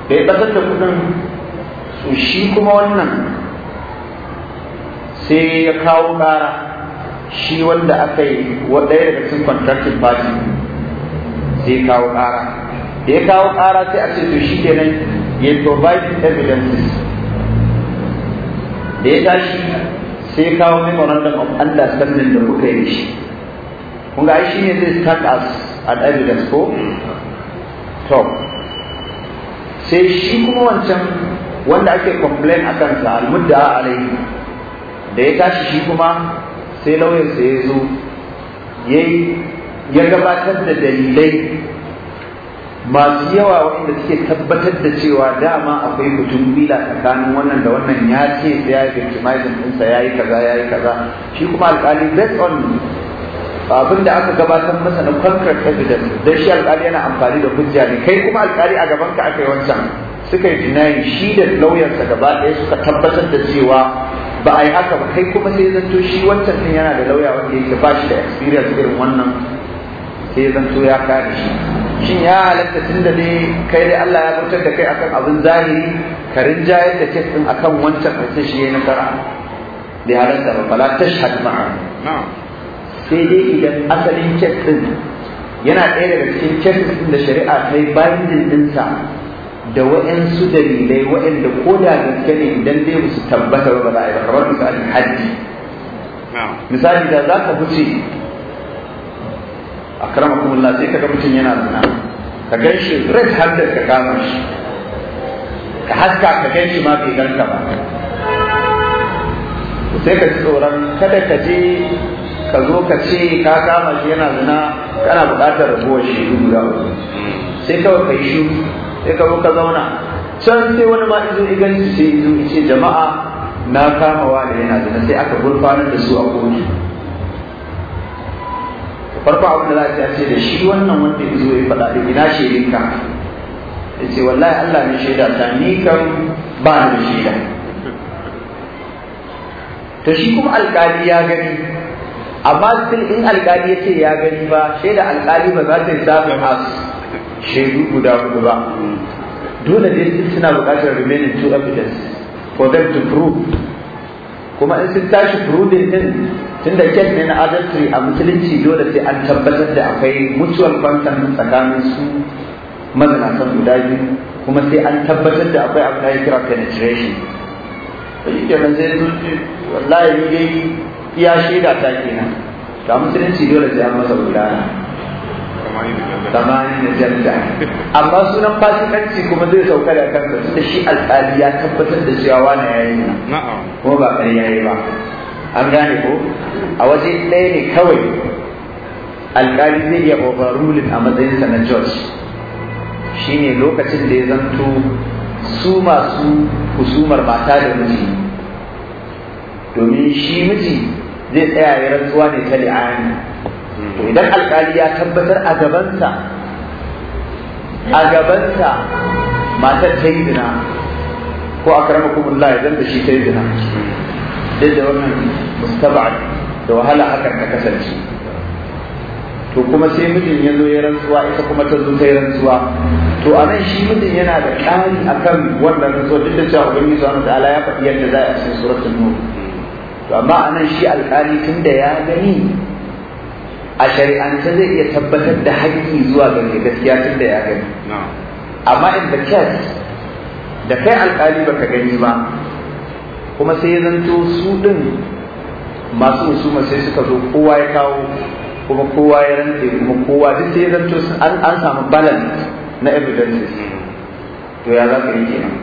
da ya fasar da kuɗin to shi kuma wannan sai ya kawo ƙara shi wanda aka yi waɗaya daga cikin contracting party sai ya kawo ƙara da ya kawo ƙara sai a ce to shi kenan ya provide evidences da ya tashi sai ya kawo memorandum of understanding da kuka yi shi kun ga shi ne zai start as an evidence ko to sai shi kuma wancan wanda ake complain a kan sa almudda alai da ya tashi shi kuma sai lauyansa ya zo ya gabatar da dalilai masu yawa wanda suke tabbatar da cewa dama akwai mutum bila tsakanin wannan da wannan ya ce ya yi kimajin ɗinsa ya yi kaza ya yi kaza shi kuma alƙali based on abin da aka gabatar masa na concrete evidence don shi alƙali yana amfani da hujja ne kai kuma alƙali a gaban ka aka yi wancan suka yi jinayi shi da lauyarsa gaba ɗaya suka tabbatar da cewa ba a yi haka ba kai kuma sai zanto shi wancan ɗin yana da lauya wanda yake ba shi da experience irin wannan sai zanto ya kare shi shin ya halatta tun da dai kai dai Allah ya zartar da kai akan abin zahiri ka rinjayar da kes din akan wancan ƙarshen shi ya yi nasara halatta ba fala tashhad ma'a sai dai idan asalin kes ɗin yana ɗaya daga cikin kes da shari'a ta yi binding sa da waɗansu dalilai waɗanda ko da gaske ne idan dai su tabbata ba za a yi ba kamar misalin hajji misali da za ka wuce a karama kumulla sai ka ga mutum yana zina ka gan shi red handed ka kama shi ka haska ka gan shi ma bai gan ka ba sai ka ji tsoron kada ka je ka zo ka ce ka kama shi yana zina kana buƙatar rabuwar shi guda uku sai kawai ka yi shiru sai ka ka zauna can sai wani ma izo igan su sai izo ce jama'a na kama wani yana zina sai aka gurfanar da su a kogi farko abin da za a ce da shi wannan wanda ya zo ya faɗa da ina shaidinka ya ce wallahi Allah ne shaida ta ni kan ba ni da shaida to shi kuma alƙali ya gani amma sai in alƙali ya ce ya gani ba shaida alƙali ba za ta yi zafin hasu shaidu guda hudu ba dole ne sun suna buƙatar remaining two evidence for them to prove kuma in sun tashi proving din da kyan ne na adultery a musulunci dole sai an tabbatar da akwai mutual consent tsakanin su mazinatan guda biyu kuma sai an tabbatar da akwai abu da ya kira penetration to yi kenan zai zuci wallahi dai iya shaida ta kenan to a musulunci dole sai an masa gudana da janda amma sunan fasikanci kuma zai sauka da kansa da shi alƙali ya tabbatar da cewa wani yayi ne kuma ba ƙarya yayi ba an gane ko a waje ɗaya ne kawai alƙali zai iya rulin a matsayinsa na George ne lokacin da ya zanto su masu husumar mata da miji domin shi miji zai tsaya ya rantsuwa ne ta li'ani to idan alkali ya tabbatar a gabansa a gabansa matar ta yi zina ko a karama kuma Allah ya zanta shi ta yi zina duk da wannan mustaba da wahala hakan ta kasance to kuma sai mijin ya zo ya rantsuwa ita kuma ta zo ta yi rantsuwa to a nan shi mijin yana da ƙari akan wannan rantsuwa duk da cewa su subhanahu ta'ala ya faɗi yadda za a cikin suratun nur to amma a nan shi alƙali tun da ya gani a shari'anta zai iya tabbatar da haƙƙi zuwa ga mai gaskiya tun da ya gani amma in the case da kai alƙali baka gani ba kuma sai ya zanto su ɗin masu musuma sai suka zo kowa ya kawo kuma kowa ya rantse kuma kowa duk sai ya zanto an samu balance na evidences to ya za ka yi kenan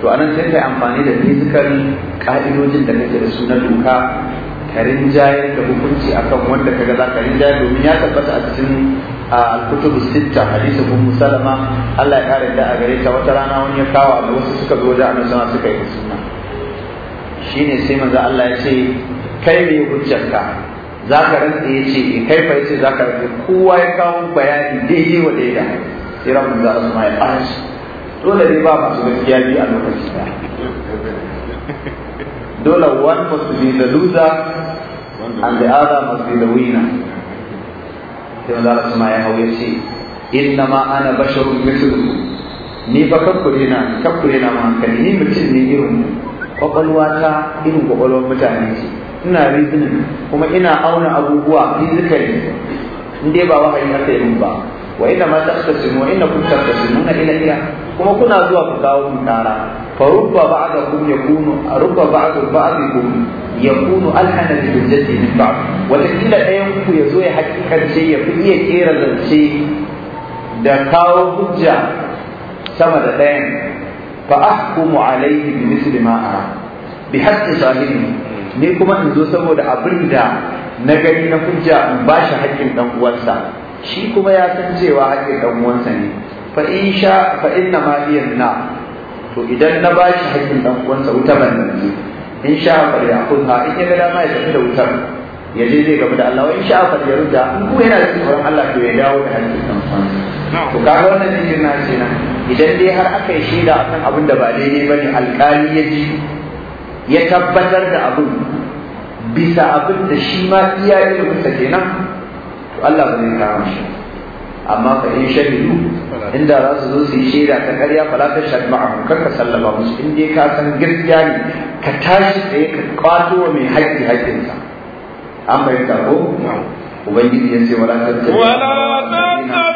to anan sai kai amfani da fizikal ka'idojin da kake da su na doka ka rinjayar da hukunci akan wanda kaga za ka rinjayar domin ya tabbata a cikin al-kutubu sitta hadisi ummu salama Allah ya kare da a gare ta wata rana wani ya kawo da wasu suka zo da annabi sama suka yi sunna shine sai manzo Allah ya ce kai ne hujjarka za ka rantsa ya ce in eh, kai fa ya ce za ka rantsa kowa ya kawo bayani daidai wa da? sai ran manzo Allah ya ɓaci
dole ne ba masu gaskiya biyu a lokacin da Dollar one must be the loser and the other must be the
winner. Sai wanda su ma ya hau ya ce, Inna ma ana basharun mithlukum. Ni fa kakkure na, kakkure na hankali, ni mutum ne irin Kwakwalwa ta irin kwakwalwar mutane ce. Ina reasoning kuma ina auna abubuwa physically. In dai ba wahayi na yi ba, wa inna ma taqtasimu wa inna kuntum taqtasimuna ila ila kuma kuna zuwa ku kawo ku tara fa rubba ba'dakum yakunu rubba ba'du ba'dikum yakunu alhana bi hujjati min ba'd wata kila ɗayan ku ya zo ya hakikance ya fi iya kera zance da kawo hujja sama da ɗayan fa ahkumu alayhi bi misli ma ara bi haqqi sahibi ne kuma in zo saboda abinda na gani na hujja in bashi haƙƙin dan uwarsa? shi kuma ya san cewa ake ɗan uwansa ne fa in sha fa inna ma hiya na to idan na ba shi haƙƙin ɗan uwansa wuta ban ne in sha fa ya ha, in ya ga dama ya tafi da wutar ya je zai gaba da Allah wa in sha fa ya ruda in ku yana da tsoron Allah to ya dawo da haƙƙin ɗan uwansa to ga wannan cikin na na. idan dai har aka yi shaida akan abin da ba daidai bane alƙali ya ji ya tabbatar da abin bisa abin da shi ma iya ilimin sa kenan to Allah ba zai kama shi amma fa in shahidu inda za su zo su yi shaida ta ƙarya fa ta shahid ma'ahum ka sallama musu in dai ka san gaskiya ne ka tashi tsaye ka kwato wa mai haƙƙi haƙƙinsa an bayyana ko ubangiji ya ce wala tattabi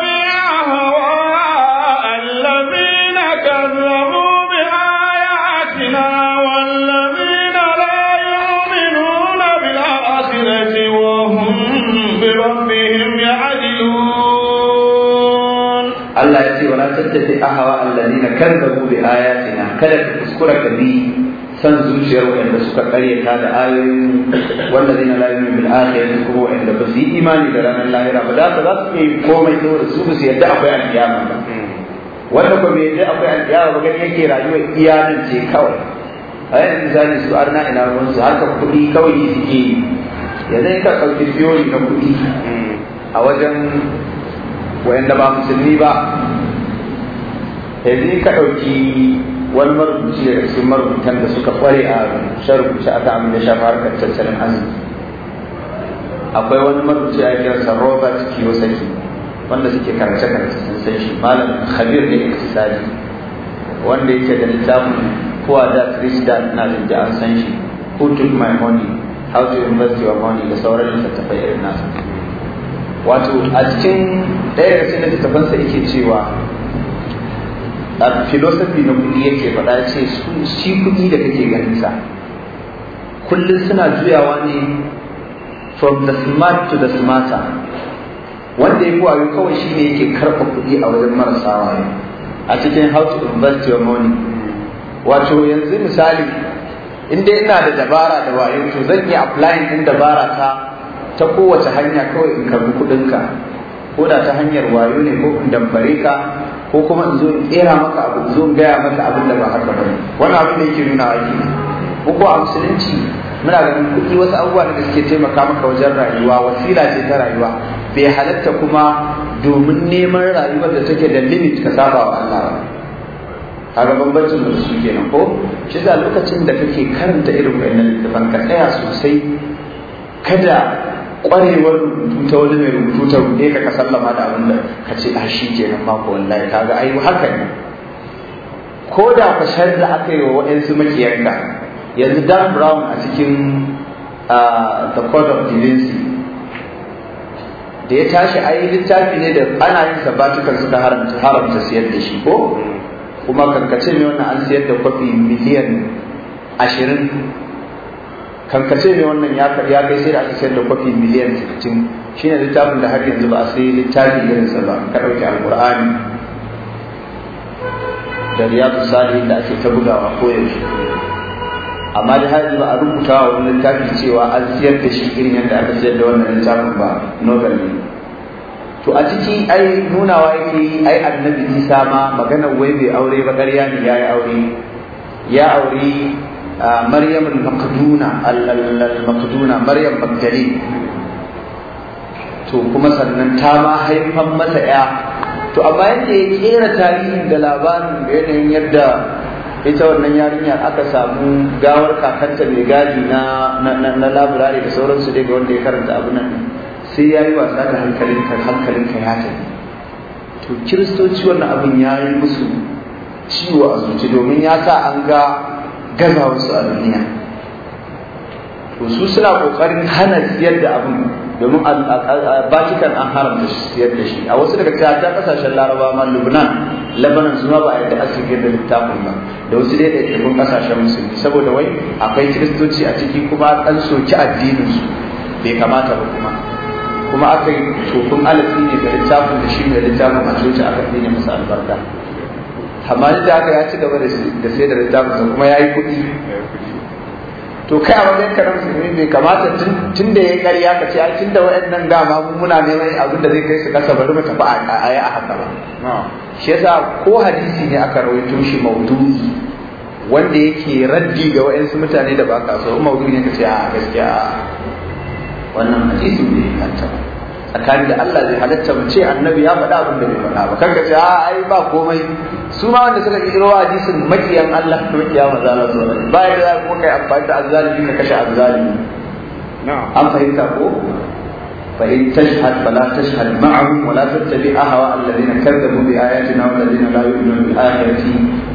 tattabi ahwa alladina kadzabu bi ayatina kada ka kuskura ka bi san zuciyar wanda suka karyata da ayoyin walladhina la yu'minu bil akhirati kuma inda ba su yi imani da ranar lahira ba da za su yi komai da su su yadda akwai alkiyama ba wanda ko me yadda akwai alkiyama ba gani yake rayuwar iyalin ce kawai a yanzu misali su arna ina ruwan su haka kuɗi kawai suke yi yanzu ka ɗauki biyoyi na kuɗi a wajen wayanda ba musulmi ba yanzu ka ɗauki wani marubuci da cikin marubutan da suka kware a rubuce-rubuce aka abin da shafa harkar tattalin arziki akwai wani marubuci a kiransa robert kiyosaki wanda suke karance-karance sun san shi malam khabir ne iktisadi wanda yake da littafin kowa da krista na da an san shi who took my money how to invest your money da sauran littattafai irin nasa wato a cikin ɗaya da cikin littattafansa yake cewa a filosofi na kuɗi yake faɗa ce shi kudi da kake ganinsa kullum suna juyawa ne from the smart to the smarter wanda ya fi wayo kawai shi ne yake karɓa kuɗi a wajen marasa wayo a cikin how to invest your money wato yanzu misali Inda dai ina da dabara da wayo to zan yi applying din dabara ta ta kowace hanya kawai in karbi kuɗinka ko da ta hanyar wayo ne ko in dambare ka ko kuma in zo in tsera maka abu zo in gaya maka abin da ba haka ba wani abin da yake nuna aiki ko ko a musulunci muna ganin kuɗi wasu abubuwa da suke taimaka maka wajen rayuwa wasila ce ta rayuwa bai halatta kuma domin neman rayuwar da take da limit ka saba wa Allah ba kaga bambancin da su kenan ko shi da lokacin da kake karanta irin wannan littafin ka tsaya sosai kada kwarewar rubutu ta wani mai rubutu ta rude ka ka sallama da abin da ka ce a ah, shi ke nan mako wallahi ka ga ai haka ne ko da fashar da aka yi wa waɗansu makiyanka yanzu Dan Brown a cikin The court of Divinity da ya tashi yi littafi ne da ana yin sabbatukan suka haramta haramta siyar da shi ko kuma kankace ne wannan an siyar da kwafi miliyan ashirin kankace ne wannan ya ya kai sai da aka sayar da kwafi miliyan 60 shine littafin da har yanzu ba a sai littafin irin sa ba ka dauki alqur'ani da riyadu salihin da ake ta bugawa ko yaushe amma da har ba a rubuta wa wannan littafi cewa an siyar da shi irin yadda aka sayar da wannan littafin ba nobel ne to a ciki ai nunawa yake yi ai annabi isa ma magana wai bai aure ba ƙarya ne ya yi aure ya aure مريم المقدونة المقدونة مريم مقدلين to kuma sannan ta هاي haifan masa ya to amma yadda ya kera tarihin da labarin da yanayin yadda ita wannan yarinya aka samu gawar kakanta mai gadi na na da sauransu dai ga wanda ya karanta abu nan sai ya yi wasa da hankalinka hankalinka ya tafi to kiristoci wannan abin ya yi musu ciwo a zuci domin ya sa an ga wasu a duniya to su suna kokarin hana siyar da abin domin bakitan an haramta siyar da shi a wasu daga ta kasashen laraba ma lubnan labanan su ba a yadda asirgin da littafin ba da wasu dai da ɗaiɗaikun kasashen musulmi saboda wai akwai kiristoci a ciki kuma an soki addininsu bai kamata ba kuma kuma aka yi tofin alafi ne da littafin da shi ne littafin a coci aka ne masa albarka amma duk da haka ya ci gaba da sai da littafin kuma ya yi kuɗi to kai a wajen karar musulmi bai kamata tun da ya kari ya ka ce ai tun da waɗannan dama mun muna neman abin da zai kai su kasa bari mu tafi a yi a haka ba shi yasa ko hadisi ne aka rawaito shi maudu'i wanda yake raddi ga wayansu mutane da ba ka so maudu'i ne kace a gaskiya wannan hadisi ne inganta tsakani da Allah zai halatta mu ce annabi ya faɗa abin da bai faɗa ba kanka ce a ai ba komai su ma wanda suka kirkiro hadisin makiyan Allah to [LAUGHS] kiyama za su ba ya da kuma kai amfani da azzalimi ka kashe azzalimi an fahimta ko فإن تشهد فلا تشهد معهم ولا تتبع أهواء الذين كذبوا بآياتنا والذين لا يؤمنون بالآخرة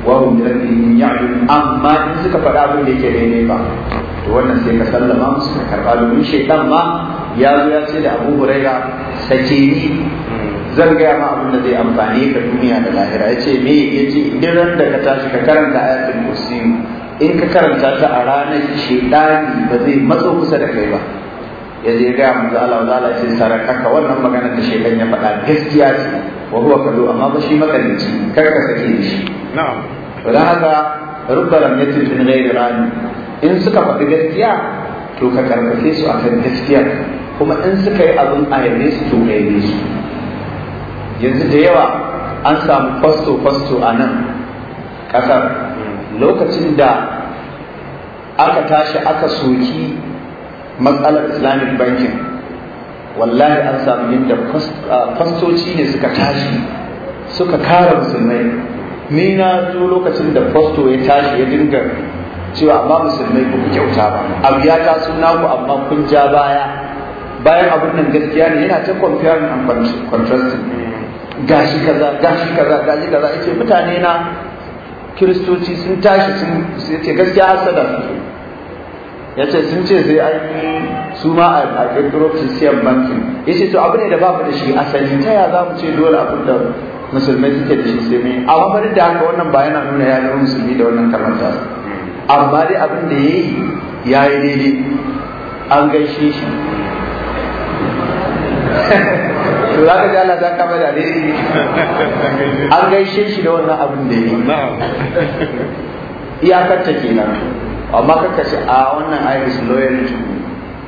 وهم بربهم يعلمون أما إن سكا فلا بد لك ba to wannan sai ka sallama musu ka karɓa domin shaitan ma ya zo ya ce da abu huraira sake ni zan gaya ma abin da zai amfani ka duniya da lahira ya ce me ya ce idan da ka tashi ka karanta ayatul kursi in ka karanta ta a ranar shedani ba zai matso kusa da kai ba ya je gaya manzo Allah wa sai ce sarakaka wannan magana da shedan ya faɗa gaskiya ce wa huwa kallu amma ba shi makalici kar ka sake shi na'am dan haka rubba lam min ghairi rani in suka faɗi gaskiya to ka karkace su akan gaskiya kuma in suka yi abin a yanzu su to yabe su yanzu da yawa an samu fasto fasto a nan ƙasar lokacin da aka tashi aka soki matsalar islamic banking wallahi an samu yadda fastoci ne suka tashi suka kare musulmai ni na zo lokacin da fasto ya tashi ya dinga cewa amma musulmai ba kyauta ba abu ya taso naku amma kun ja baya bayan abun nan gaskiya ne yana ta comparing and contrasting gashi kaza gashi kaza gashi kaza yace mutane na kiristoci sun tashi sun yace gaskiya hasada yace sun ce sai ai su ma a kirkiro christian banking yace to abin da babu da shi asali ta ya za mu ce dole abin da musulmai suke da shi sai mai amma bari da haka wannan ba yana nuna ya musulmi da wannan karanta amma dai abin da ya yi ya yi daidai an gaishe shi to zaka ka ji Allah ta kama da dai an gaishe shi da wannan abin da yi iyakar ta kenan amma kaka ce a wannan Irish lawyer to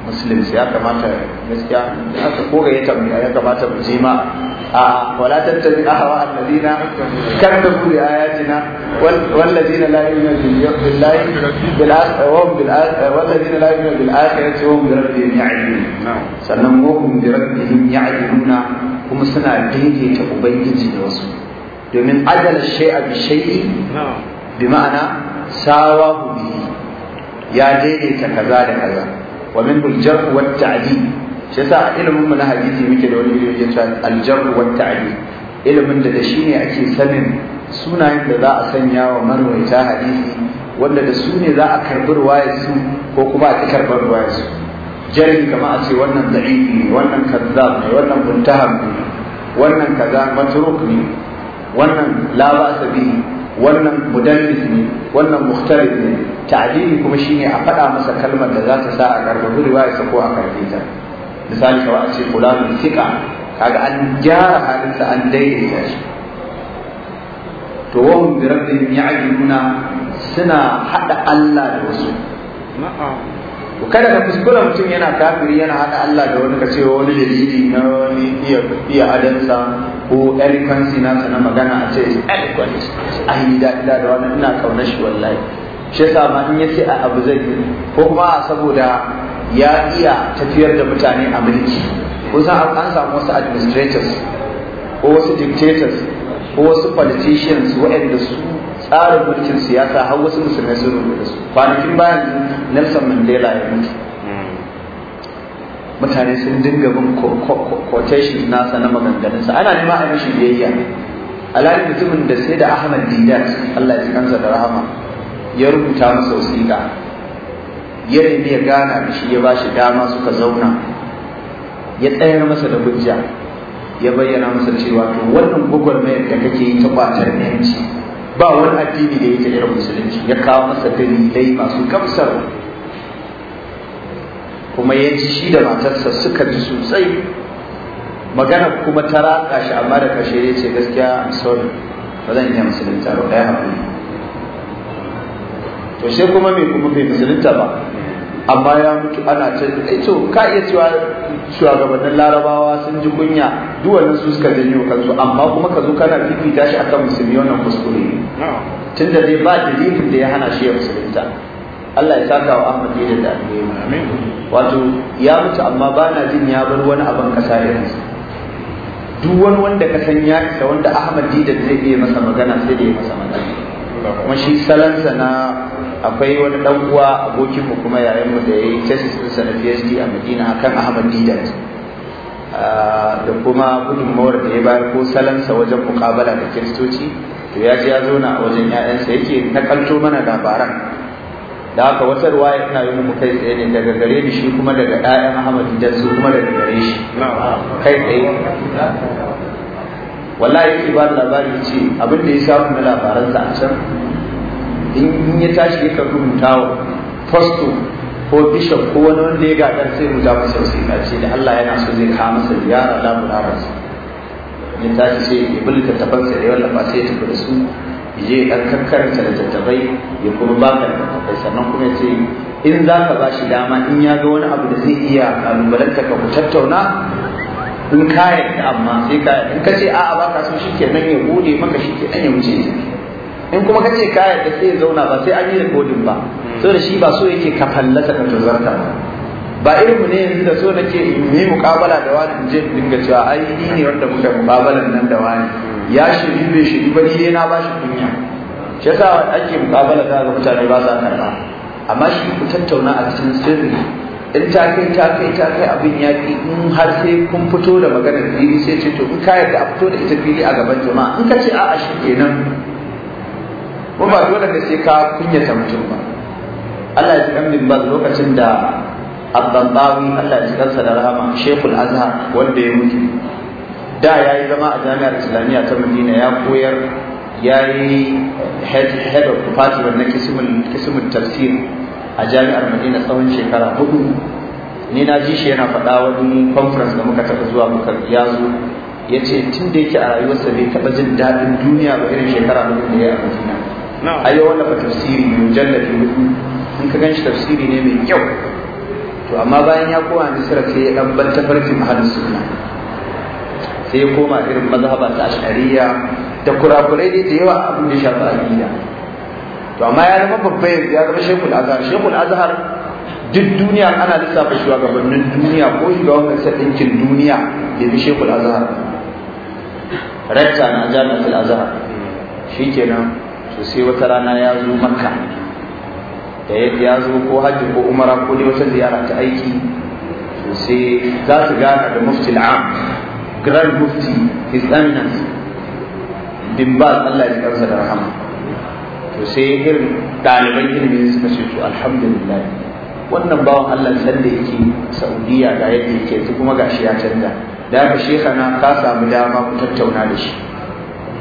Muslims ya kamata gaskiya aka koga ya tambaya ya kamata mu ji ma ولا تتبع اهواء الذين كذبوا باياتنا والذين لا يؤمنون بالله بالاخره وهم بالاخره والذين لا يؤمنون بالاخره وهم بربهم يعدلون sannan وهم بربهم يعدلون kuma suna daidaita ubangiji da wasu domin adala shay'a bi shay'i bi ma'ana sawa bihi ya daidaita kaza da kaza wa min al-jar wa at-ta'dil shi yasa ilimin mu na hadisi muke da wani ilimi ya ce aljarru wa ta'dil ilimin da shi ne ake sanin sunayen da za a sanya wa marwaita hadisi wanda da su ne za a karbi ruwayar su ko kuma a ki karbar ruwayar su jarin kama a ce wannan da'ifi ne wannan kazzab ne wannan muntaham ne wannan kaza matruk ne wannan la ba'sa wannan mudallis ne wannan muhtarif ne ta'dili kuma shine a faɗa masa kalmar da za ta sa a karbi ruwayar sa ko a karbe ta misali kamar a ce fulanun sika kaga an gyara halinsa an daidaita shi to wahum bi rabbihim ya'diluna suna hada Allah da wasu ko kada ka fuskura mutum yana kafiri yana haɗa Allah da wani ka ce wani dalili na wani iya iya adansa ko eloquence nasa na magana a ce eloquence ai da da da wani ina kaunar shi wallahi shi yasa ma in yace a abu zai ko kuma saboda ya iya tafiyar da mutane a mulki kusan an samu wasu administrators ko wasu dictators ko wasu politicians waɗanda su tsarin mulkin siyasa har wasu musulmai sun rubuta su kwanakin bayan Nelson Mandela ya mutu mutane sun dinga bin quotations nasa na maganganunsa ana nema a mishi biyayya alhali mutumin da sai da Ahmad Didat Allah ya ji kansa da rahama ya rubuta masa wasiƙa ya nemi ya gana da shi ya bashi dama suka zauna ya tsayar masa da hujja ya bayyana masa cewa to wannan gwagwarmayar da kake yi ta kwatar yanci ba wani addini da ya ta irin musulunci ya kawo masa dalilai masu gamsar kuma ya ji shi da matarsa suka ji sosai magana kuma ta ratsa shi amma da kashe ya ce gaskiya I'm sorry ba zan iya musulunta ba ɗaya hakuri to sai kuma mai kuma bai musulunta ba amma ya mutu ana ta eh, to ka iya cewa shugabannin larabawa sun ji kunya duwannin su suka janyo kansu amma kuma ka zo kana fifita shi akan musulmi wannan kuskure tun da dai ba dalilin da ya hana shi ya musulunta Allah ya saka wa Ahmad da da amin wato ya mutu amma ba na jin ya bar wani abin kasa irinsa duk wani wanda ka san ya isa wanda Ahmad da zai iya masa magana sai da ya masa magana kuma shi salansa na akwai wani dan uwa abokin mu kuma yayin mu da yayi thesis din sa na PhD a Madina kan Ahmad Didat ah, da kuma mawar da ya bayar ko sa wajen mukabala da kiristoci to ya ji ya zauna a wajen 'ya'yansa yake nakalto mana labaran da haka wata ruwaya ina yi mu kai tsaye ne daga gare ni shi kuma daga ɗayan Ahmad Didat su kuma daga gare shi kai tsaye wallahi yake ba labari ce abin da ya samu na labaransa a can in ya tashi ya karɓi mutawa fasto ko bishop ko wani wanda ya gagar sai mu rubuta sosai wasiƙa ce da Allah yana so zai kawo masa ziyara da mularansa ya tashi sai ya bi littattafansa da yawan sai ya tafi da su je ɗan da tattabai ya kuma ba ka littattafai sannan kuma ya ce in za ka ba shi dama in ya ga wani abu da zai iya kalubalanta ka ku tattauna in ka amma sai ka in ka ce a'a ba ka so shi ke nan ya bude maka shi ke ɗan ya wuce in kuma kace ka yarda sai zauna ba sai an yi recording ba da shi ba so yake ka fallasa ka tozarta ba irin mu ne yanzu da so nake in yi muƙabala da wani je dinga cewa ai ni ne wanda muka muƙabalan nan da wani ya shiri bai shiri ba ni ba shi kunya shi yasa ake muƙabala da ga mutane ba sa karɓa amma shi ku tattauna a cikin sirri in ta kai ta kai ta kai abin yaƙi in har sai kun fito da maganar fili sai ce to in ka yarda a fito da ita fili a gaban jama'a in ka ce a'a shi kenan ko ba dole ne sai ka kunyata mutum ba Allah ya ji kan bin lokacin da Abdambawi Allah ya ji kansa da rahama Sheikhul Azhar wanda ya mutu da yayi zama a jami'ar Islamiyya ta Madina ya koyar yayi head head of department na kisimin kisimin tafsir a jami'ar Madina tsawon shekara hudu ni na ji shi yana faɗa wani conference da muka taɓa zuwa muka ya zo ya ce tun da yake a rayuwarsa bai taɓa jin daɗin duniya ba irin shekara hudu da ya a Madina a yi wallafa tafsiri mai mujallati hudu in ka gan shi tafsiri ne mai kyau to amma bayan ya koma misira sai ya dan bar tafarkin ahlus sunna sai ya koma irin mazhaban ta ashariya da kurakurai da yawa abin da shafi aqida to amma ya zama babba yanzu ya zama shekul azhar shekul azhar duk duniya ana lissafa shugabannin duniya ko ga wannan sadinkin duniya da bi shekul azhar rakta na jami'atul azhar shikenan to sai wata rana ya zo makka da yadda ya zo ko hajji ko umara ko dai wata ziyara ta aiki to sai za su gana da mufti al'am grand mufti his eminence bin ba Allah ya karsa da rahama to sai irin ɗaliban ilimi suka ce to alhamdulillah wannan bawan Allah san da yake Saudiya ga yadda yake kuma gashi ya canza da ka shekana ka samu dama ku tattauna da shi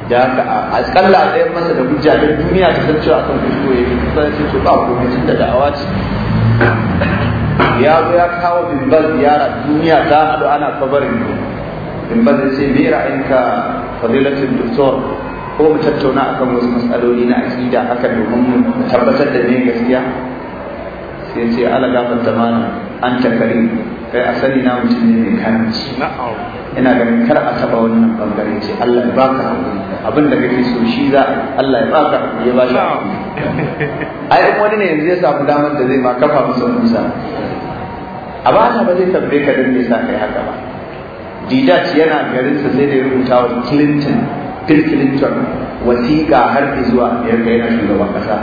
da haka a kalla a tsayar masa da hujja duniya ta san cewa kan kuskure ya fi sai su ba gwamnatin da da'awa ce ya zo ya kawo bimbal ziyara duniya ta haɗu ana kabarin bimbal ya ce me ra'ayinka fadilatin doktor ko mu tattauna akan wasu matsaloli na aƙida haka domin mu tabbatar da ne gaskiya sai ce ala gafar tamana an takari kai a sani na mutum ne mai karanci ina ganin kar a taba wannan bangare ce Allah ya baka abin da kake so shi za Allah ya baka ya ba shi ai in wani ne yanzu ya samu damar da zai ma kafa musu musa a ba ba zai tambaye ka dan me kai haka ba Didat yana garinsa sai da ya rubuta wa Clinton Bill Clinton wasiƙa har zuwa kai na shugaban ƙasa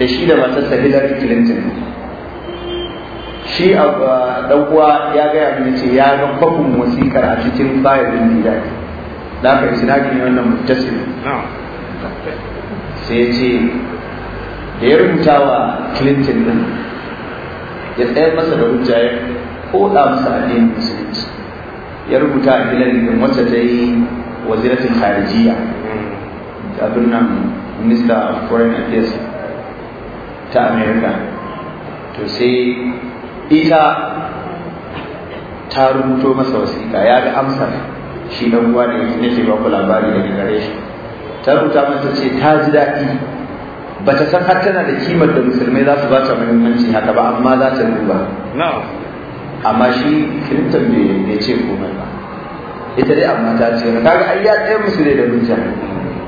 da shi da matarsa Hillary Clinton shi a uwa ya gaya mini ce ya ga kwafin wasikar a cikin bayanin nida da aka sinadin ne wannan mutasir sai ce da ya rubuta wa clinton din ya tsayar masa da hujja ya koda masa addinin musulunci ya rubuta a hilal din wacce ta yi waziratin kharijiya hmm. abin nan minister of foreign affairs ta america to sai ita ta rubuto masa wasiƙa ya ga amsar shi na uwa da nake ba ku labari daga gare shi ta rubuta masa ce ta ji daɗi ba ta san har tana da kimar da musulmai za su ba ta muhimmanci haka ba amma za ta duba amma shi kirintar bai ce komai ba ita dai amma ta ce kaga ai ya tsaye musu da rinja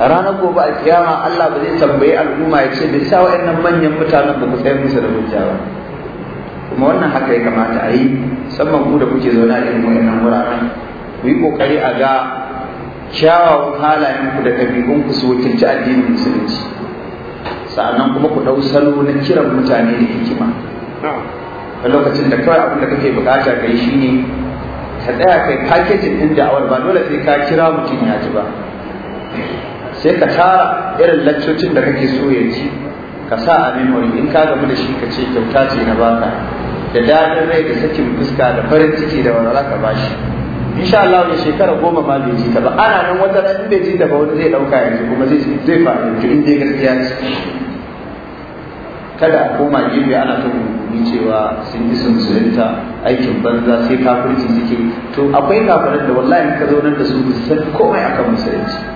ranar gobe al-kiyama, Allah ba zai tambayi al'umma ya ce bai sa wa'annan manyan mutanen ba ku tsaye musu da rinja ba kuma wannan haka ya kamata a yi musamman ku da kuke zauna a irin wayannan wuraren ku yi kokari a ga kyawawan halayenku da ɗabi'unku su wakilci addinin musulunci sa'annan kuma ku ɗau salo na kiran mutane da hikima a lokacin da kawai abin da kake bukata kai shine ka tsaya kai packaging ɗin da'awar ba dole sai ka kira mutum ya ji ba sai ka tara irin laccocin da kake so ya ji ka sa a memory in ka gamu da shi ka ce kyauta ce na baka da daɗin rai da sakin fuska da farin ciki da wanda za ka ba shi sha Allah ne shekara goma ma bai ji ta ba ana nan wata ran bai ji ta ba wani zai ɗauka yanzu kuma zai zai fahimci in dai gaskiya ce kada a koma gefe ana ta gumi cewa sun yi sun aikin banza sai kafirci suke to akwai kafirin da wallahi ka zo nan da su san komai akan musulunci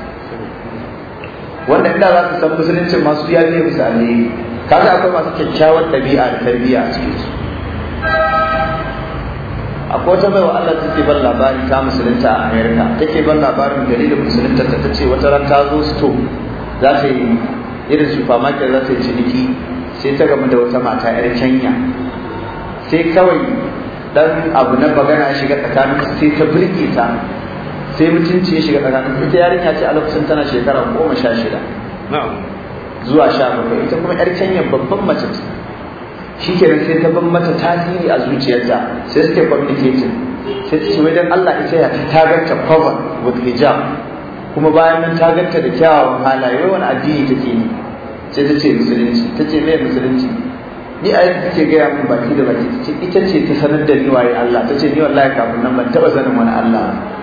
wanda inda za su san musulunci masu ya ne misali alheri kaga akwai masu kyakkyawar ɗabi'a da tarbiyya a cikin su akwai wata baiwa Allah take ban labari ta musulunta a Amerika take ban labarin gari da musulunta ta tace wata ran ta zo sto za ta yi irin supermarket za ta yi ciniki sai ta gamu da wata mata yar Kenya sai kawai dan abu na magana shiga tsakanin sai ta burge ta sai mutunci ya shiga tsakanin ita yarinya ce a lokacin tana shekara goma sha shida zuwa sha bakwai ita kuma yar canya babban mace ce shi nan sai ta ban mata tasiri a zuciyarta sai suke communicating sai ta ce wai dan Allah ita ya ta ganta cover with hijab kuma bayan nan ta ganta da kyawawan halaye wai wani addini take yi sai ta ce musulunci ta ce mai musulunci ni a yadda take gaya min baki da baki ta ce ita ce ta sanar da ni waye Allah ta ce ni wallahi kafin nan ban taɓa sanin wani Allah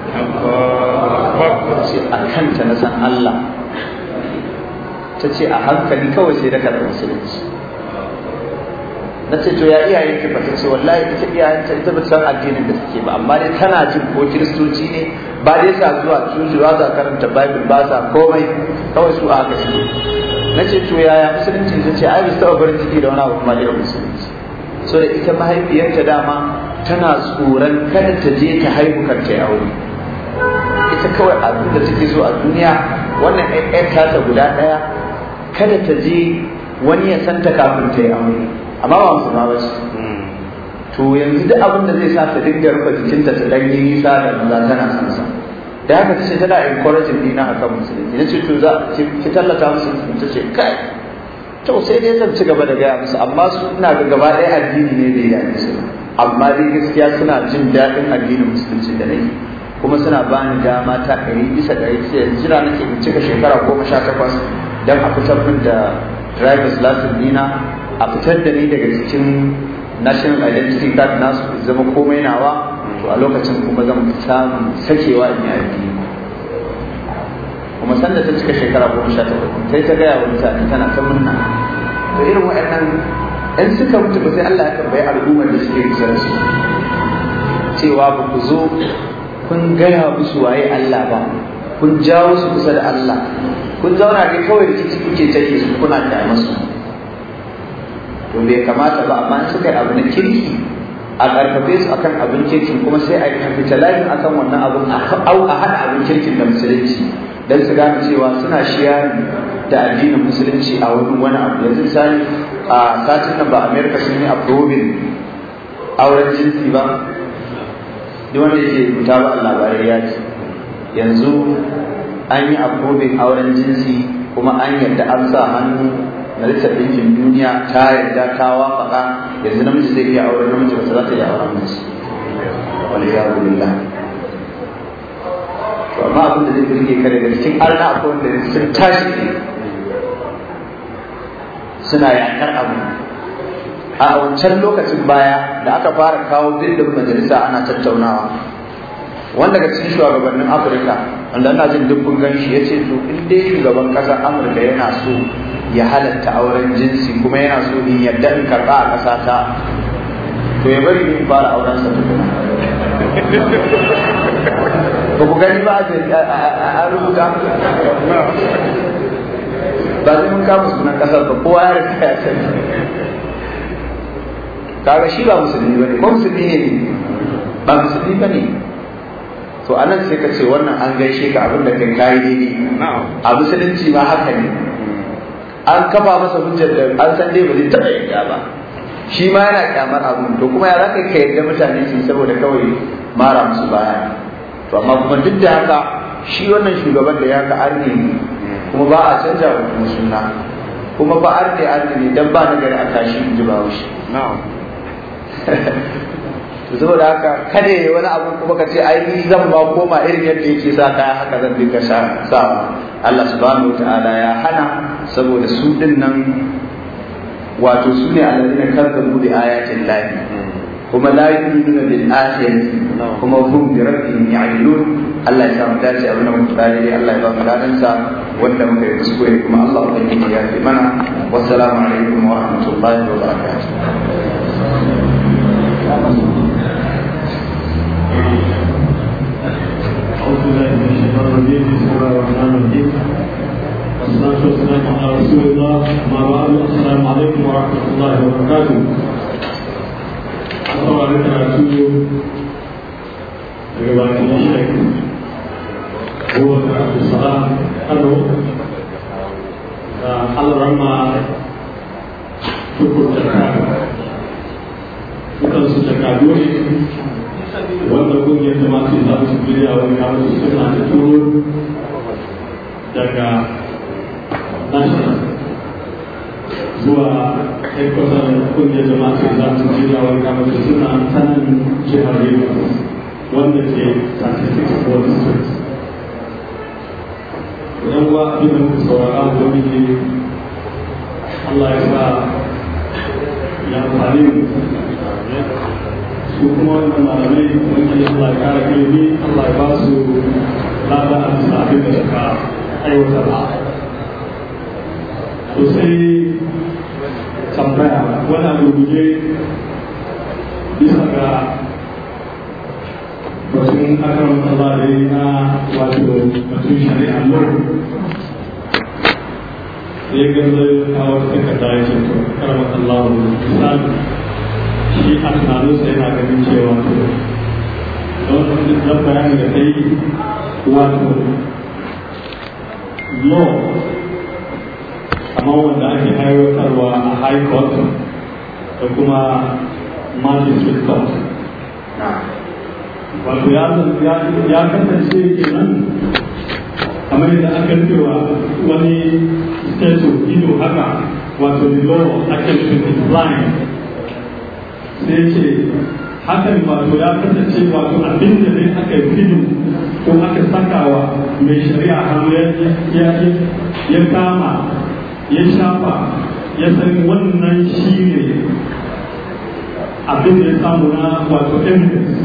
ce a kanta na san Allah ta ce a hankali kawai sai da karɓar musulunci na ce to ya iyayen ki fata ce wallahi ita iyayen ta ita ba san addinin da suke ba amma dai tana jin ko kiristoci ne ba dai sa zuwa coci ba sa karanta bible ba sa komai kawai su a haka na ce to yaya musulunci ta ce ai bisa barin ciki da wani abu kuma da musulunci so da ita mahaifiyarta dama tana tsoron kada ta je ta haihu kanta ya aure ita kawai abin da take so a duniya wannan ƴaƴar tasa guda ɗaya kada ta je wani ya san ta kafin ta yi aure amma ba musulma ba ce to yanzu duk abin da zai sa ta dinga rufe jikinta ta ɗan yi nisa da maza tana san sa da haka ta ce tana encouraging dina a kan musulmi na ce to za ki tallata musu ta ce kai to sai dai zan ci gaba da gaya musu amma su ina ga gaba ɗaya addini ne da ya yi amma dai gaskiya suna jin daɗin addinin musulunci da nake kuma suna ba ni dama ta ɗari bisa ɗari sai na nake in cika shekara goma sha takwas don a fitar min da driver's license dina a fitar da ni daga cikin national identity card nasu zama komai nawa to a lokacin kuma zan samun sakewa in yi aiki kuma sanda ta cika shekara goma sha takwas sai ta gaya wa mutane tana ta murna to irin waɗannan in suka mutu ba sai Allah ya tambayi al'ummar da suke kusa da su cewa ba ku zo kun gaya musu waye Allah ba kun jawo su kusa da Allah kun zauna dai kawai da rikici kuke take su kuna da masu to bai kamata ba amma suka yi abu na kirki a karfafe su akan abin kirkin kuma sai a capitalize akan wannan abun a haɗa abin kirkin da musulunci dan su gane cewa suna shiya da addinin musulunci a wurin wani abu yanzu misali a satin nan ba amerika sun yi aprobin auren jinsi ba duk wanda yake rubuta ba ba ya ce yanzu an yi approving auren jinsi kuma an yadda an sa hannu na lissa ɗinkin duniya ta yarda ta wafaka yanzu namiji zai iya auren namiji ba za ta iya auren mace wani ya rubuta to amma abin da zai birge kare da cikin arna akwai wanda sun tashi suna yakar abu a wancan lokacin baya da aka fara kawo birnin majalisa ana tattaunawa wanda ga cikin shugabannin afirka wanda ana jin duk ganshi shi ya ce to in dai shugaban ƙasar amurka yana so ya halatta auren jinsi kuma yana so in yadda in karɓa a ƙasa ta to ya bari in fara auren sa tukuna ba ku gani ba a rubuta
ba zai mun kama sunan ƙasar ba kowa ya rika ya sani
kaga shi ba musulmi bane ko musulmi ne ba musulmi bane to anan sai ka ce wannan an gaishe ka abin da kai kai ne a musulunci ba haka ne an kafa masa hujjar da an san dai ba zai taɓa yadda ba shi ma yana kyamar abin to kuma ya za ka yadda mutane su saboda kawai mara musu baya to amma kuma duk da haka shi wannan shugaban da ya ka arni kuma ba a canja wa musulma kuma ba arni arni ne dan ba na gari a kashi in ji ba wuce. [LAUGHS] saboda haka kada wani abu kuma ka ce ai zan ba koma irin yadda yake sa kaya haka zan dinga sa Allah subhanahu wataala ya hana saboda su din nan wato su ne alladina kazzabu bi ayatin lahi kuma la yu'minuna bil akhirati kuma hum bi rabbihim ya'dilun Allah ya samu dace abin da muka dade Allah ya ba mu dadan sa wanda muka yi kuskure kuma Allah ya yi mana wassalamu alaikum wa rahmatullahi wa barakatuh أعوذ
بالله من الشيطان الرجيم بسم الله الرحمن الرحيم والصلاة والسلام على رسول الله أما بعد السلام عليكم ورحمة الله وبركاته أصبح لنا رسول رواية الشيخ هو عبد الصلاة أنه على رمى شكر الشيخ waɗansu jakadu ne wanda kungiyar da masu yi zaɓi su wani kamar su suna da turo daga national zuwa headquarter kungiyar da masu yi wani kamar su suna sanin jihar rivers wanda ke 36
ward kuwa abin da muka saurara da wani
ne Allah ya sa
ya amfani mu
su kuma wannan malamai wani kara Allah ya ba su lada a cikin da suka aiwatar ba to sai tambaya wani abu guje bisa ga batun na wato batun shari'a lori ya gaza kawo misali shi a tunaninsa yana ganin cewa don bayani da kai wato law kamar wanda ake aiwatarwa a high court da kuma magistrate court wato ya kasance kenan kamar yadda aka cewa wani statue ido haka wato the law actually is blind sai ce hakan wato ya kasance wato abin da ne aka yi fidu ko aka sakawa mai shari'a hannu ya kama ya shafa ya san wannan shi ne abin da ya samu na wato evidence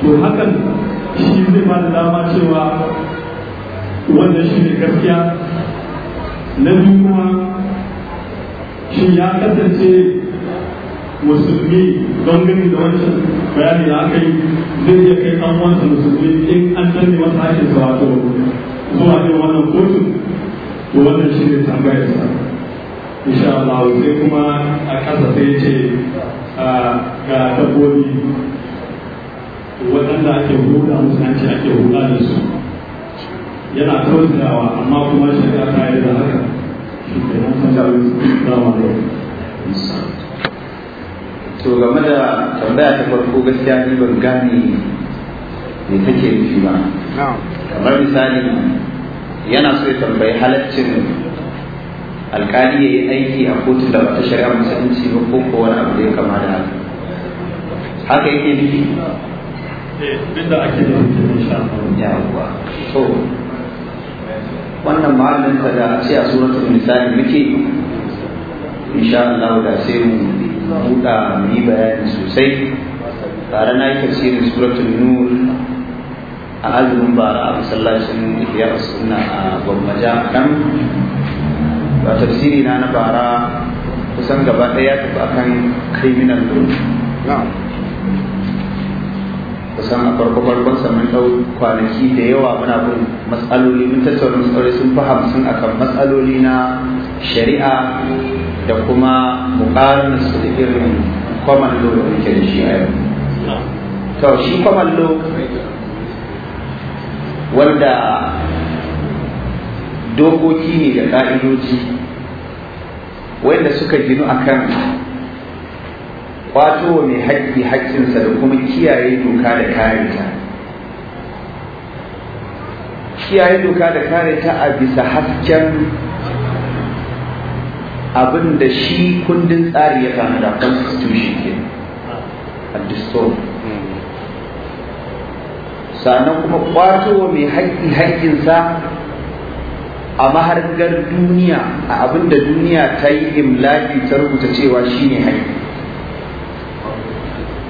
to hakan shi zai ba da dama cewa wannan shi ne gaskiya na biyu kuma shi ya kasance musulmi don gani da wancan bayani da aka yi zai iya kai an wancan musulmi in an danne masa hakin sa wato zuwa irin wannan kotun to wannan shi ne tambayar sa insha Allah sai kuma a kasa sai ya ce ga dabbobi waɗanda ake hula musu hanci ake hula da su yana tausayawa amma kuma shi ya yi da haka shi ke nan san da wani to game
da tambaya ta farko gaskiya ni ban gane me take nufi ba kamar misali yana so ya tambayi halaccin alkali ya yi aiki a kotun da wata shari'a musulunci ba ko ko wani abu da ya kama da haka haka yake nufi
inda eh, ake da
yawwa so wannan ma'alin da ce a suratun misali muke insha Allah da sai mu buɗa mu yi bayani sosai tare na yi tafsirin suratul nur a azumin bara a masallacin biyar suna a gwammaja kan ba tafsiri na na bara kusan gaba ɗaya ya tafi akan criminal law kusan a farko farkon samun ɗau kwanaki da yawa muna bin matsaloli mun tattauna matsaloli sun fi hamsin akan matsaloli na shari'a da kuma mukarin su da irin kwamallo da muke da shi a yau to shi kwamallo wanda dokoki ne da ƙa'idoji wanda suka ginu akan kwato mai haƙƙi haƙƙinsa da kuma kiyaye doka da kare ta kiyaye doka da kare ta a bisa hasken abin da shi kundin tsari ya kama da constitution ke a sannan kuma kwato wa mai haƙƙi haƙƙinsa a mahargar duniya a abin da duniya ta yi imlaki ta rubuta cewa shi ne haƙƙi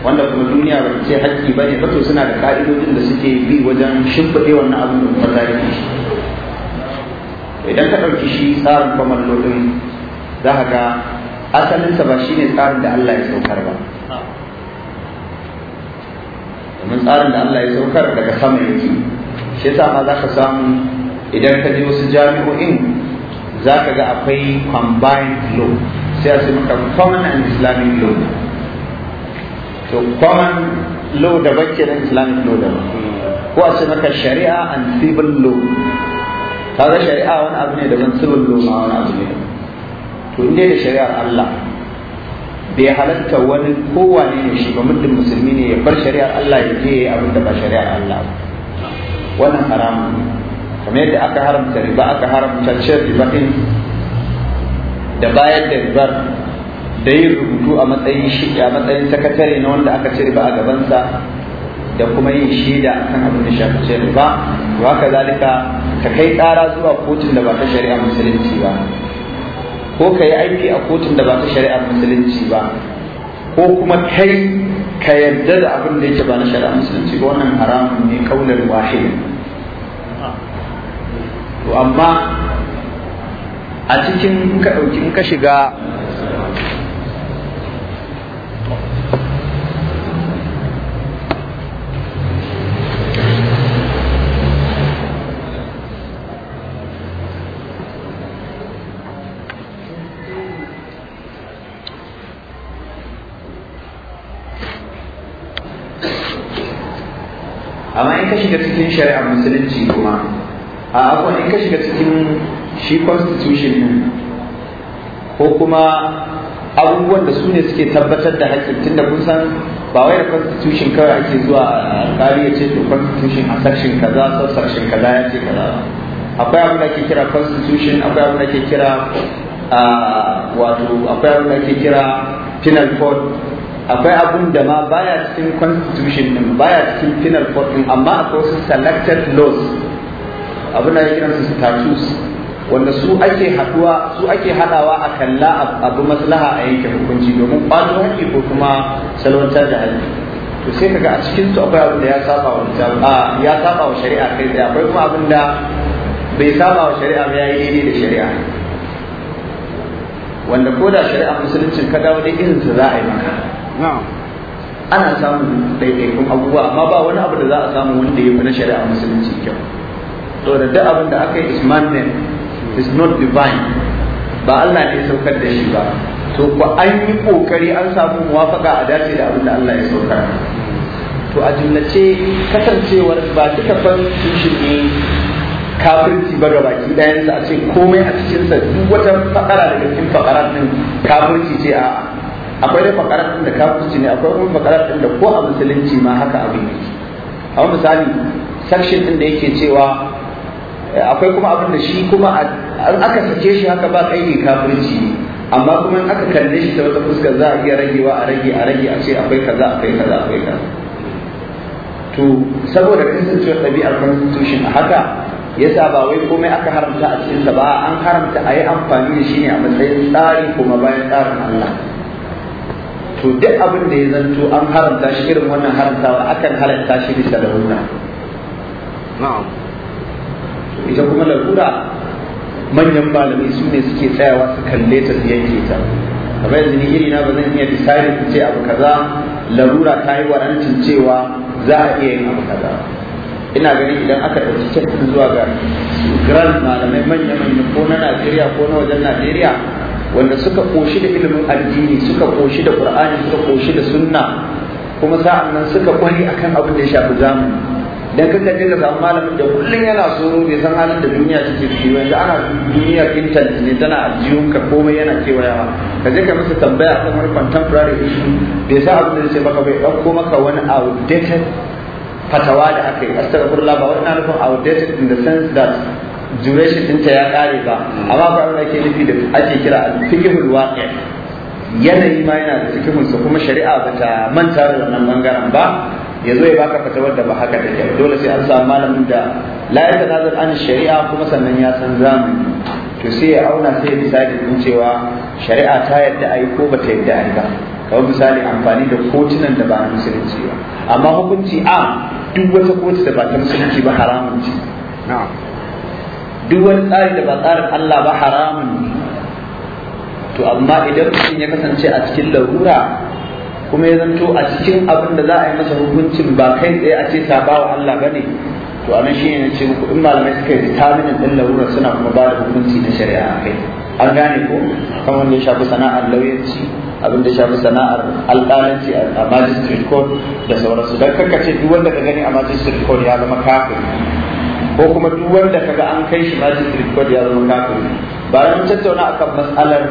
wanda kuma duniya ba ce haƙƙi ba ne suna da ƙa'idojin da suke bi wajen shimfiɗe wannan abin da kuma tarihi idan ka ɗauki shi tsarin kwamar lokacin za ka ga asalinsa ba shine tsarin da Allah ya saukar ba domin tsarin da Allah ya saukar daga sama yake shi yasa ma za ka samu idan ka je wasu jami'o'in za ka ga akwai combined law sai a ce maka common and islamic law to common law daban na islamic law daban ko a ce maka shari'a and civil law kaga shari'a wani abu ne daban civil law ma wani abu ne daban to inda da shari'ar Allah bai halatta wani kowa ne shi ba muddin musulmi ne ya bar shari'ar Allah ya je abin da ba shari'ar Allah ba wannan haram kamar yadda aka haramta riba aka haramta cin riba din da bayar da ribar da yin rubutu a matsayin shi a matsayin sakatare na wanda aka ci riba a gabansa da kuma yin shaida kan abin da shafi ce riba to haka zalika ka kai tsara zuwa kotun da ba ta shari'a musulunci ba ko ka yi aiki a kotun da ba ta shari'a musulunci ba ko kuma kai ka yarda da abin da yake ba na shari'a musulunci ba wannan haramun ne kaular wahid to amma a cikin ka in ka shiga amma in ka shiga cikin shari'ar musulunci kuma a abuwa in ka shiga cikin shi constitution ne ko kuma abubuwan da su ne suke tabbatar da haƙƙin da kun san ba wai da constitution kawai ake zuwa tsari ya ce to constitution a section kaza sau section kaza ya ce kaza akwai abin da ake kira constitution akwai abin da ake kira wato akwai abin da ake kira penal code akwai abun da ma baya cikin constitution din baya cikin penal code din amma akwai su selected laws abin da yake kiran su status wanda su ake haduwa su ake hadawa a kalla abu maslaha a yanke hukunci domin kwato hanki ko kuma salwantar da hanki to sai kaga a cikin su akwai abin da ya saba wa ya saba wa shari'a kai tsaye akwai kuma abin da bai saba wa shari'a ba yayi daidai da shari'a wanda ko da shari'a musuluncin ka dawo da irin su za a yi maka ana samun ɗaiɗaikun abubuwa amma ba wani abu da za a samu wanda ya fi na shari'a musulunci kyau to da duk abin da aka yi is man name is not divine ba Allah ne ya saukar da shi ba to ku an yi kokari an samu muwafaka a dace da abin da Allah ya saukar to a jumlace kasancewar ba duka constitution ne kafirci ba ga baki ɗayansa a ce komai a cikinsa duk wata fakara daga cikin fakaran din kafirci ce a akwai dai fakarar din da kafirci ne akwai kuma fakarar din da ko a musulunci ma haka abin yake a misali section din da yake cewa eh, akwai kuma abin da shi kuma an aka sake shi haka ba kai ne kafirci ne amma kuma in aka kalle shi ta wata fuskar za a iya ragewa a rage a rage a ce akwai kaza akwai kaza akwai kaza to saboda kasancewar ɗabi'ar constitution a haka yasa ba wai komai aka haramta a cikinsa ba an haramta a yi amfani da shi ne a matsayin tsari kuma bayan tsarin Allah to duk abin da ya zanto an haramta shi irin wannan haramtawa akan halatta shi bisa da wannan na'am ita kuma larura manyan malamai su ne suke tsayawa su kalle ta su yanke ta kamar yanzu ni iri na ba zan iya deciding ku ce abu kaza larura ta yi warancin cewa za a iya yin abu kaza ina ganin idan aka ɗauki kyakkyan zuwa ga grand malamai manya manyan ko na najeriya ko na wajen najeriya wanda suka koshi da ilimin addini suka koshi da qur'ani suka koshi da sunna kuma sa'an nan suka kwari akan abin da ya shafi zamani dan kaka dinga samu malamin da kullum yana tsoro bai san halin da duniya take ciki wanda ana duniya kinta ne tana ajiyun ka komai yana kewayawa ka je ka masa tambaya akan wani contemporary issue bai sa abin da zai maka bai dauko maka wani outdated fatawa da aka yi astaghfirullah ba wani na nufin outdated in the sense that duration dinta ya kare ba amma ba abin da ke nufi da ake kira al-fiqhul waqi yanayi ma yana da cikin su kuma shari'a ba ta manta da wannan bangaren ba yazo ya baka fatawar da ba haka take dole sai an samu malamin da la ya da an shari'a kuma sannan ya san zamani to sai ya auna sai ya misali din cewa shari'a ta yadda ai ko ba ta yadda ai ba kawai misali amfani da kotunan da ba na musulunci ba amma hukunci a duk wata kotu da ba ta musulunci ba haramun ce duk wani tsari da ba tsarin Allah ba haramun ne to amma idan mutum ya kasance a cikin larura kuma ya zanto a cikin abin da za a yi masa hukuncin ba kai tsaye a ce saba wa Allah ba ne to anan shi ne ce kuɗin malamai suka yi vitamin ɗin larura suna kuma ba da hukunci na shari'a a kai an gane ko kan wanda ya shafi sana'ar lauyanci abin da shafi sana'ar alƙalanci a magistrate court da sauransu don kakace duk wanda ka gani a magistrate court ya zama kafin ko kuma duk wanda kaga an kai shi majin court ya zama kafiri bayan mun tattauna kan matsalar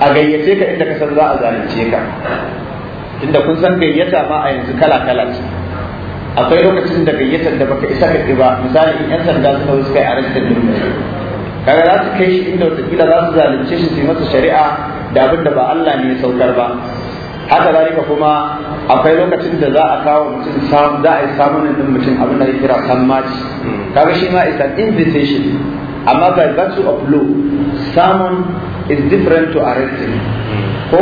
a gayyace ka inda ka san za a zalunce ka tunda kun san gayyata ma a yanzu kala kala ce akwai lokacin da gayyatar da baka isa ka ba misali in yan sanda suka zo kai a arrestin din kaga za su kai shi inda watakila za su zalunce shi su yi masa shari'a da abin da ba Allah ne ya saukar ba haka zalika kuma akwai lokacin da za a kawo mutum samun za a yi samun din mutum abin da ya kira sammaci kaga shi ma is an invitation amma by virtue of law samun is different to arresting ko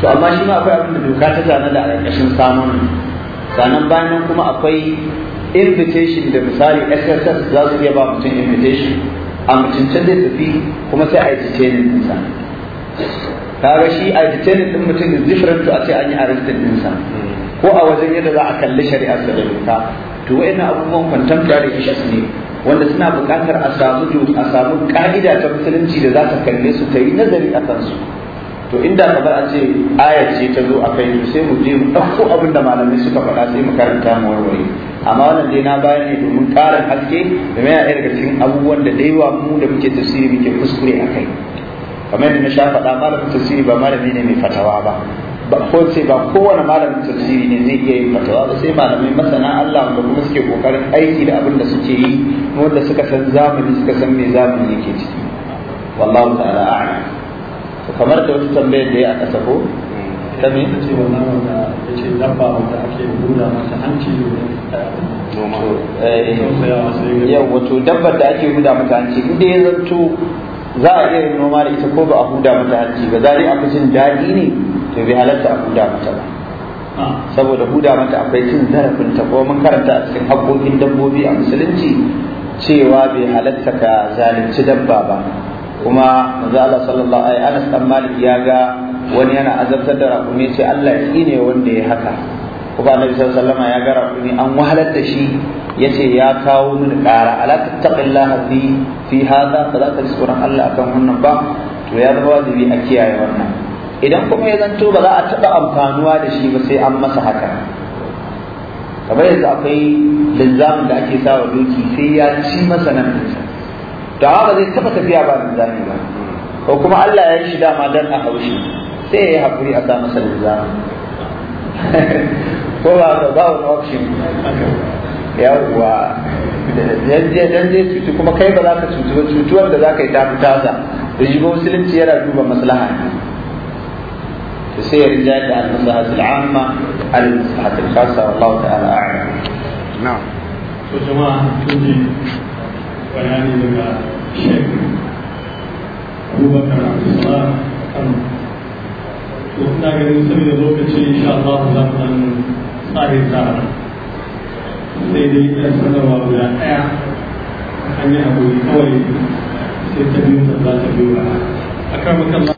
to amma shi ma akwai abin da doka ta zana da a samun sannan bayan kuma akwai invitation da misali SSS za su iya ba mutum invitation a mutum can zai tafi kuma sai a yi titenin nisa kaga shi a detaining din mutum is different to a ce an yi arrestin ɗinsa ko a wajen yadda za a kalli shari'ar da doka to ina abubuwan da issues ne wanda suna buƙatar a samu a samu ka'ida ta musulunci da za ta kalle su ta yi nazari a kansu to inda ka bar a ce aya ce ta zo a kai sai mu je mu ɗauko abin da malamai suka faɗa sai mu karanta mu warware amma wannan dai na bayan ne domin ƙarin haske da mai a daga cikin abubuwan da da yawa mu da muke tafsiri muke kuskure a kai kamar yadda na sha faɗa malamin tafsiri ba malami ne mai fatawa ba ba ko sai ba kowane malamin tafsiri ne zai iya yin fatawa ba sai malamai masana Allah da kuma suke kokarin aiki da abin da suke yi wanda suka san zamani suka san me zamani yake ciki wallahu ta'ala a'lam to kamar da wata tambayar da ya aka sako
ta me ce wannan wanda yace dabba wanda ake nuna mata hanci noma
eh yau wato dabbar da ake nuna mata hanci inda ya zanto za a iya yin noma da ita ko ba a huda mata hanci ba za a a jin daɗi ne to bai halatta a huda mata ba ah. saboda huda mata akwai cin zarafin ta ko mun karanta a cikin haƙoƙin dabbobi a musulunci cewa bai halatta ka zalunci dabba ba kuma maza Allah sallallahu alaihi wa sallam ya ga wani yana azabtar da rakumi sai Allah ya ne wanda ya haka kuma annabi sallallahu ya gara kuni an wahalar da shi yace ya kawo mini ƙara ala tattaqillaha fi fi hada za ka tsoron Allah akan wannan ba to ya zama wajibi a kiyaye wannan idan kuma ya zanto ba za a taɓa amfanuwa da shi ba sai an masa haka kamar yanzu akwai linzamin da ake sa wa doki sai ya ci masa nan to amma ba zai taɓa tafiya ba linzami ba ko kuma Allah ya yi shi dama dan a haushi sai ya yi haƙuri a sa masa linzamin [LAUGHS] ko ba ka ba wani option yawwa dan zai cutu kuma kai ba za ka cutu ba cutuwar da za ka yi ta taza da shi musulunci yana duba maslaha to sai ya rinja da al-maslahat al-amma al-maslahat al-khassa wallahu ta'ala a'lam
na'am to jama'a kun ji bayani daga Sheikh Abubakar Abdulsalam kan to ina ganin saboda lokaci insha Allah za mu tsarin zara
dai ɗaya